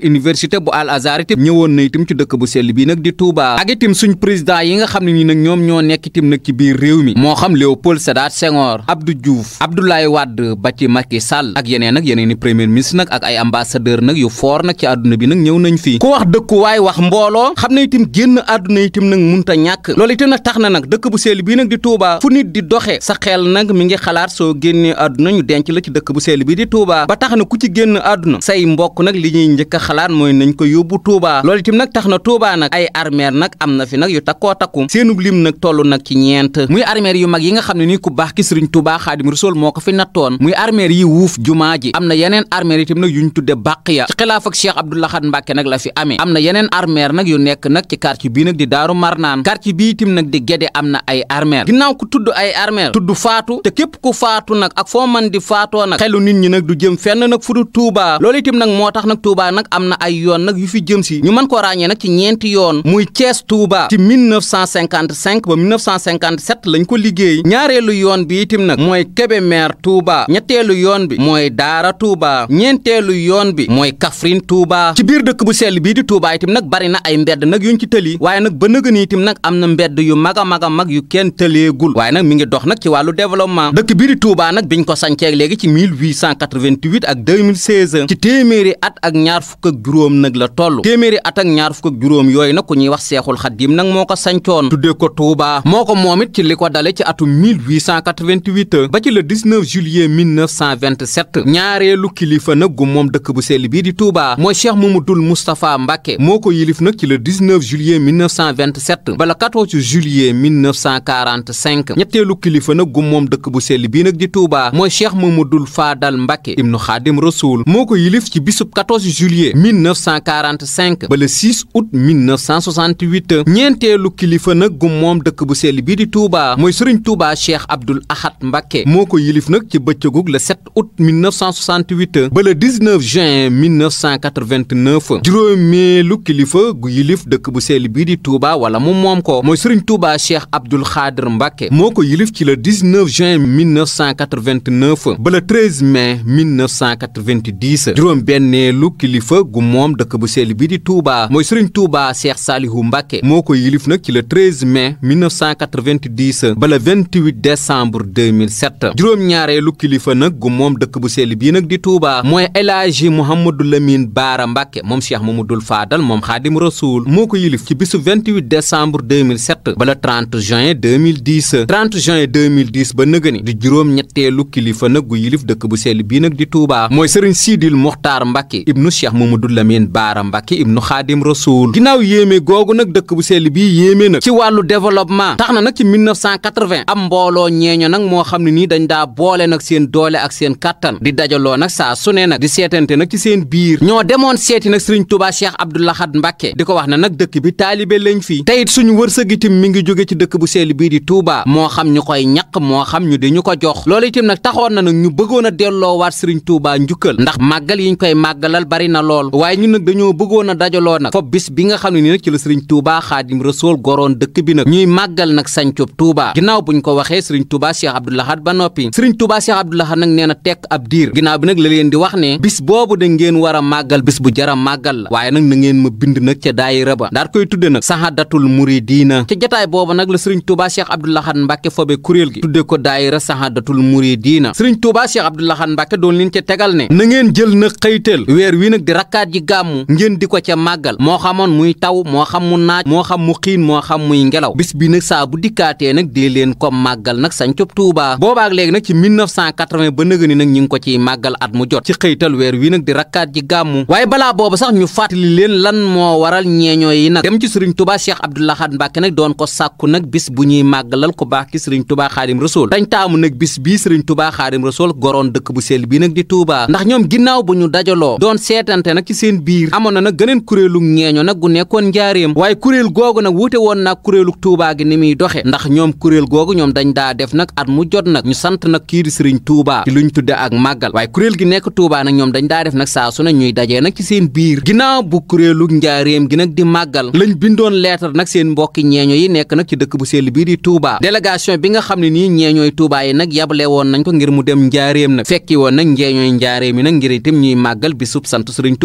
itam ci dëkk bu sell bii nag di Touba ak itam suñ président yi nga xam ne nii nag ñoom ñoo nekk itam nag ci biir réew mi moo xam Léopold Sédar Senghor Abdou Diouf Abdoulaye Wade ba ci Macky Sall ak yeneen ak yeneen i ministre nag ak ay ambassadeur nag yu foor nag ci àdduna bi nag ñëw nañ fii ku wax dëkkuwaay wax mbooloo xam ne itam génn àdduna itam nag munta ñàkk loolu itam tax na nag dëkk bu sell bii nag di Touba fu nit di doxe sa xel nag mi ngi xalaat soo génnee àdduna ñu la ci dëkk bu sell bii di Touba ba tax ku ci génn àdduna say mbokk nag li ñuy njëkk nag tax na Touba nag ay armeer nag am na fi nag yu takkoo takku seenub lim nag toll nag ci ñeent muy armeer yu mag yi nga xam ne nii ku baax ki Sëriñ Touba Xaadim Rasuul moo ko fi nattoon muy armeer yi wuuf jumaa ji am na yeneen armeer itam nag yuñ tudde Baqiya ci xilaaf ak Cheikh Abdou Lahad Mbàkke nag la fi amee am na yeneen armeer nag yu nekk nag ci quartier bii nag di Daaru Marnaan quartier bii itam nag di Gédé am na ay armeer ginnaaw ku tudd ay armeer tudd faatu te képp ku faatu nag ak foo man di faatoo nag xelu nit ñi nag du jëm fenn nag fu du Touba loolu nag moo tax nag Touba nag am na ay gagné ñeenti yoon muy Thiès Touba ci 1955 ba 1957 lañ ko liggéey ñaareelu yoon bi nag mooy Kébémer Touba ñetteelu yoon bi mooy Daara Touba ñeenteelu yoon bi mooy Kaffrine Touba ci biir dëkk bu sell bii di Touba itam nag bari na ay mbedd nag yuñ ci tëli waaye nag ba nëgën itam nag am na mbedd yu mag a mag mag yu kenn tëleegul waaye nag mi ngi dox nag ci wàllu développement dëkk bii di Touba nag biñ ko sancee léegi ci 1888 ak 2016 ci téeméeri at ak ñaar fukk ak juróom nag la toll téeméeri at ak ñaar ñaar fukk ak juróom yooyu nag ku ñuy wax seexul xaddiim nag moo ko sancoon tuddee ko Touba moo ko moom it ci li ko dale ci a 1888 ba ci le 19 juillet 1927 ñaareelu kilifa nag gu moom dëkk bu sell bii di Touba mooy Cheikh Mamadul Moustapha Mbacke moo ko yilif nag ci le 19 juillet 1927 ba le 14 juillet 1945 ñetteelu kilifa nag gu moom dëkk bu sel bii nag di moo Touba mooy Cheikh Mamadul Fadal Mbacke ibnu Xaadim Rasul moo ko yilif ci bisub 14 juillet 1945 ba le 6 10 août 1968 ñeenteelu kilifa nag gu moom dëkk bu sell bii di Touba mooy Serigne Touba Cheikh Abdoul Ahad Mbacké moo ko yilif nag ci bëccëgug la 7 août 1968 ba le 19 juin 1989 juróomeelu kilifa gu yilif dëkk bu sell bii di Touba wala mu moom ko mooy Serigne Touba Cheikh Abdoul Khadir Mbacké moo ko yilif ci le 19 juin 1989 mais le 13 mai 1990 juróom benneelu kilifa gu moom dëkk bu sell bii di Touba mooy Serigne Touba Cheikh Salihu Mbacke moo ko yilif nag ci le 13 mai 1990 ba le 28 décembre 2007 juróom-ñaareelu kilifa nag gu moom dëkk bu sell bii nag di Touba mooy El Hadji Mouhamadou Lamine Baara Mbacke moom Cheikh Mamadou Fadal moom Xaadim Rasoul moo ko yilif ci bisu 28 décembre 2007 ba le 30 juin 2010 30 juin 2010 ba nëgëni di juróom-ñetteelu kilifa nag gu yilif dëkk bu sell bii nag di Touba mooy Serigne Sidil Mokhtar Mbacke ibnu Cheikh Mamadou Lamine Baara Mbacke ibnu Xaadim rasul ginnaaw yéeme googu nag dëkk bu sell bii yéeme nag ci wàllu développement tax na nag ci 1980 am mbooloo ñeeño nag moo xam ne nii dañ daa boole nag seen doole ak seen kàttan di dajaloo nag saa su ne nag di seetante nag ci seen biir ñoo demoon seeti nag sëriñ Tuubaa seex Abdou Lahad Mbacké di ko wax na nag dëkk bi taalibe lañ fii tey it suñu wërsëg itam mi ngi jóge ci dëkk bu sell bii di Touba moo xam ñu koy ñaq moo xam ñu di ñu ko jox loole itam nag taxoon na nag ñu bëggoon a delloowaat sëriñ njukkal ndax màggal yiñ koy màggalal bari na lool fa bis bi nga xam ne nii nag ci la sëriñ Touba Xaadim Rasuul goroon dëkk bi nag ñuy màggal nag sancub Touba ginnaaw buñ ko waxee sëriñ Touba Cheikh Abdoul Ahad ba noppi sëriñ Touba Cheikh Abdoul Ahad nag nee na tekk ab diir ginnaaw bi nag la leen di wax ne bis boobu da ngeen war a màggal bis bu jara màggal la waaye nag na ngeen ma bind nag ca daayira ba daat koy tudde nag sahadatul muridina ca jataay boobu nag la sëriñ Touba Cheikh Abdoul Ahad Mbàkke fobe kuréel gi tudde ko daayira sahadatul muridina sëriñ Touba Cheikh Abdoul Ahad Mbàkke doon leen ca tegal ne na ngeen jël na xëytal weer wi nag di rakkaat ji ngeen di ko ca màggal moo xamoon muy taw moo xam mu naaj moo xam mu xiin moo xam muy ngelaw bis bi nag saa bu dikkaatee nag dee leen ko màggal nag sancub Tuubaa boobaak léegi nag ci 1980 ba nëga ni nag ñi ngi ko ciy màggal at mu jot ci xëytal weer wi nag di rakkaat ji gàmmu waaye balaa booba sax ñu fàttali leen lan moo waral ñeeñoo yi nag dem ci sëriñ Tuubaa Cheikh Abdoul Ahad Mbàkke nag doon ko sàkku nag bis bu ñuy màggalal ko baax ki sëriñ Tuubaa Xaadim Rasuul dañ taamu nag bis bii sëriñ Tuubaa Xaadim Rasuul goroon dëkk bu sell bii nag di Tuubaa ndax ñoom ginnaaw bu ñu dajaloo doon seetante nag ci ñeeño nag gu nekkoon njaareem waaye kuréel googu nag wute woon nag kuréelu Touba gi ni muy doxe ndax ñoom kuréel googu ñoom dañ daa def nag at mu jot nag ñu sant nag kii di sëriñ Touba ci luñ tudde ak màggal waaye kuréel gi nekk Touba nag ñoom dañ daa def nag saa su ne ñuy dajee nag ci seen biir ginnaaw bu kuréelu njaareem gi nag di màggal lañ bindoon leetar nag seen mbokki ñeeño yi nekk nag ci dëkk bu sell bii di tuuba délégation bi nga xam ne nii ñeeñooy Touba yi nag yabale woon nañ ko ngir mu dem njaareem nag fekki woon nag ñeeñooy njaareem yi nag ngir itam ñuy màggal bisub sant sëriñ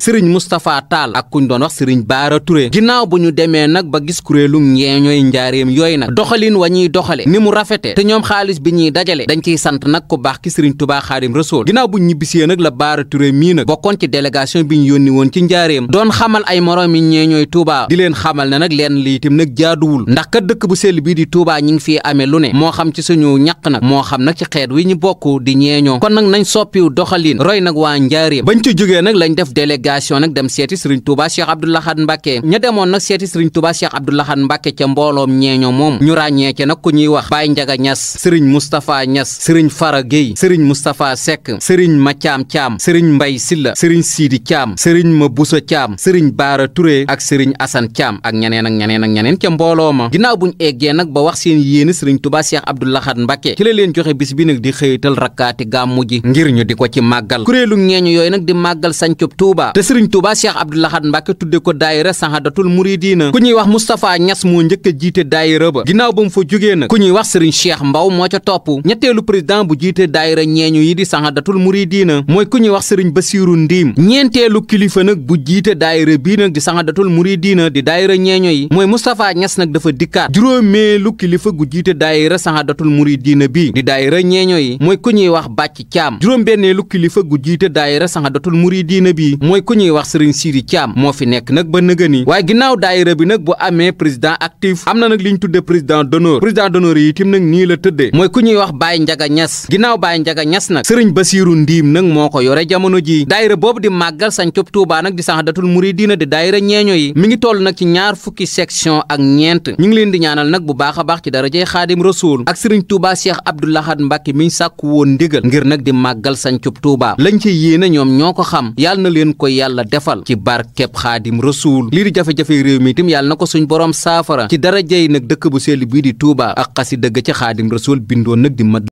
sëriñ Moustapha taal ak kuñ doon wax sëriñ Baara Touré ginnaaw bu ñu demee nag ba gis kuréelu ngeeñooy njaareem yooyu nag doxaliin wa ñuy doxale ni mu rafete te ñoom xaalis bi ñuy dajale dañ ciy sant nag ku baax ki sëriñ Touba Xaadim Rasuul ginnaaw bu ñibbisee nag la Baara Touré mii nag bokkoon ci délégation bi ñu yónni woon ci njaareem doon xamal ay moroom yi ñeeñooy Touba di leen xamal na nag leen liitim nag jaaduwul ndax kat dëkk bu sell bii di Touba ñi ngi fii amee lu ne moo xam ci suñu ñaq nag moo xam nag ci xeet wi ñu bokk di ñeeñoo kon nag nañ soppiw doxalin roy nag waa njaareem bañ ci jógee nag lañ def délégation délégation nag dem seeti sëriñ Touba Cheikh Abdoul Ahad Mbacké ña demoon nag seeti sëriñ Touba Cheikh Abdoul Ahad Mbacké ca mbooloom ñeeño moom ñu ràññee ca nag ku ñuy wax Baye Ndiaga Niass sëriñ Moustapha Niass sëriñ Fara Gueye sëriñ Moustapha Seck sëriñ Mathiam caam sëriñ Mbaye Silla sëriñ Sidi Thiam sëriñ Maboussa Thiam sëriñ Baara Touré ak sëriñ Assane caam ak ñeneen ak ñeneen ak ñeneen ca mbooloo ma bu buñ eggee nag ba wax seen yéene sëriñ Touba Cheikh Abdoul Ahad Mbacké ci la leen joxe bis bi nag di xëyital rakkaati gàmmu ji ngir ñu di ko ci màggal kuréelu ñeeño yooyu te sëriñ Touba Cheikh Abdou Lahad Mbacke tudde ko daayira Sahadatul Mouridina ku ñuy wax Moustapha Niass moo njëkk jiite daayira ba ginnaaw ba mu fa jógee nag ku ñuy wax sëriñ Cheikh Mbaw moo ca topp ñetteelu président bu jiite daayira ñeeñu yi di Sahadatul Mouridina mooy ku ñuy wax sëriñ Basiiru Ndiim ñeenteelu kilifa nag bu jiite daayira bii nag di Sahadatul Mouridina di daayira ñeeño yi mooy Moustapha ñas nag dafa dikkaat juróomeelu kilifa gu jiite daayira Sahadatul Mouridina bi di daayira ñeeño yi mooy ku ñuy wax Bàcc Caam juróom-benneelu kilifa gu jiite daayira Sahadatul Mouridina bi mooy ku ñuy wax Serigne Siri Thiam moo fi nekk nag ba nëga ni waaye ginnaaw daayira bi nag bu amee président actif am na nag li ñu tudde président d'honneur président d'honneur yi itam nag nii la tëddee mooy ku ñuy wax Baye Njaga Ñas ginnaaw Baye Njaga Ñas nag Serigne Basiiru Ndiim nag moo ko yore jamono jii daayira boobu di màggal sancub Tuubaa nag di Sahadatul Muridiina di daayira ñeeño yi mi ngi toll nag ci ñaar fukki section ak ñeent ñu ngi leen di ñaanal nag bu baax a baax ci darajey Xaadim Rasuul ak Serigne Touba Cheikh Abdou Lahad Mbacké mi ñu woon ndigal ngir nag di màggal sancub Tuubaa lañ yàlla defal ci barkeb xaadim rasuul li di jafe-jafe réew mi itam yàlla na ko suñ borom saafara ci darajey nag dëkk bu sell bii di Touba ak xasi dëgg ci xaadim rasuul bindoon nag di mag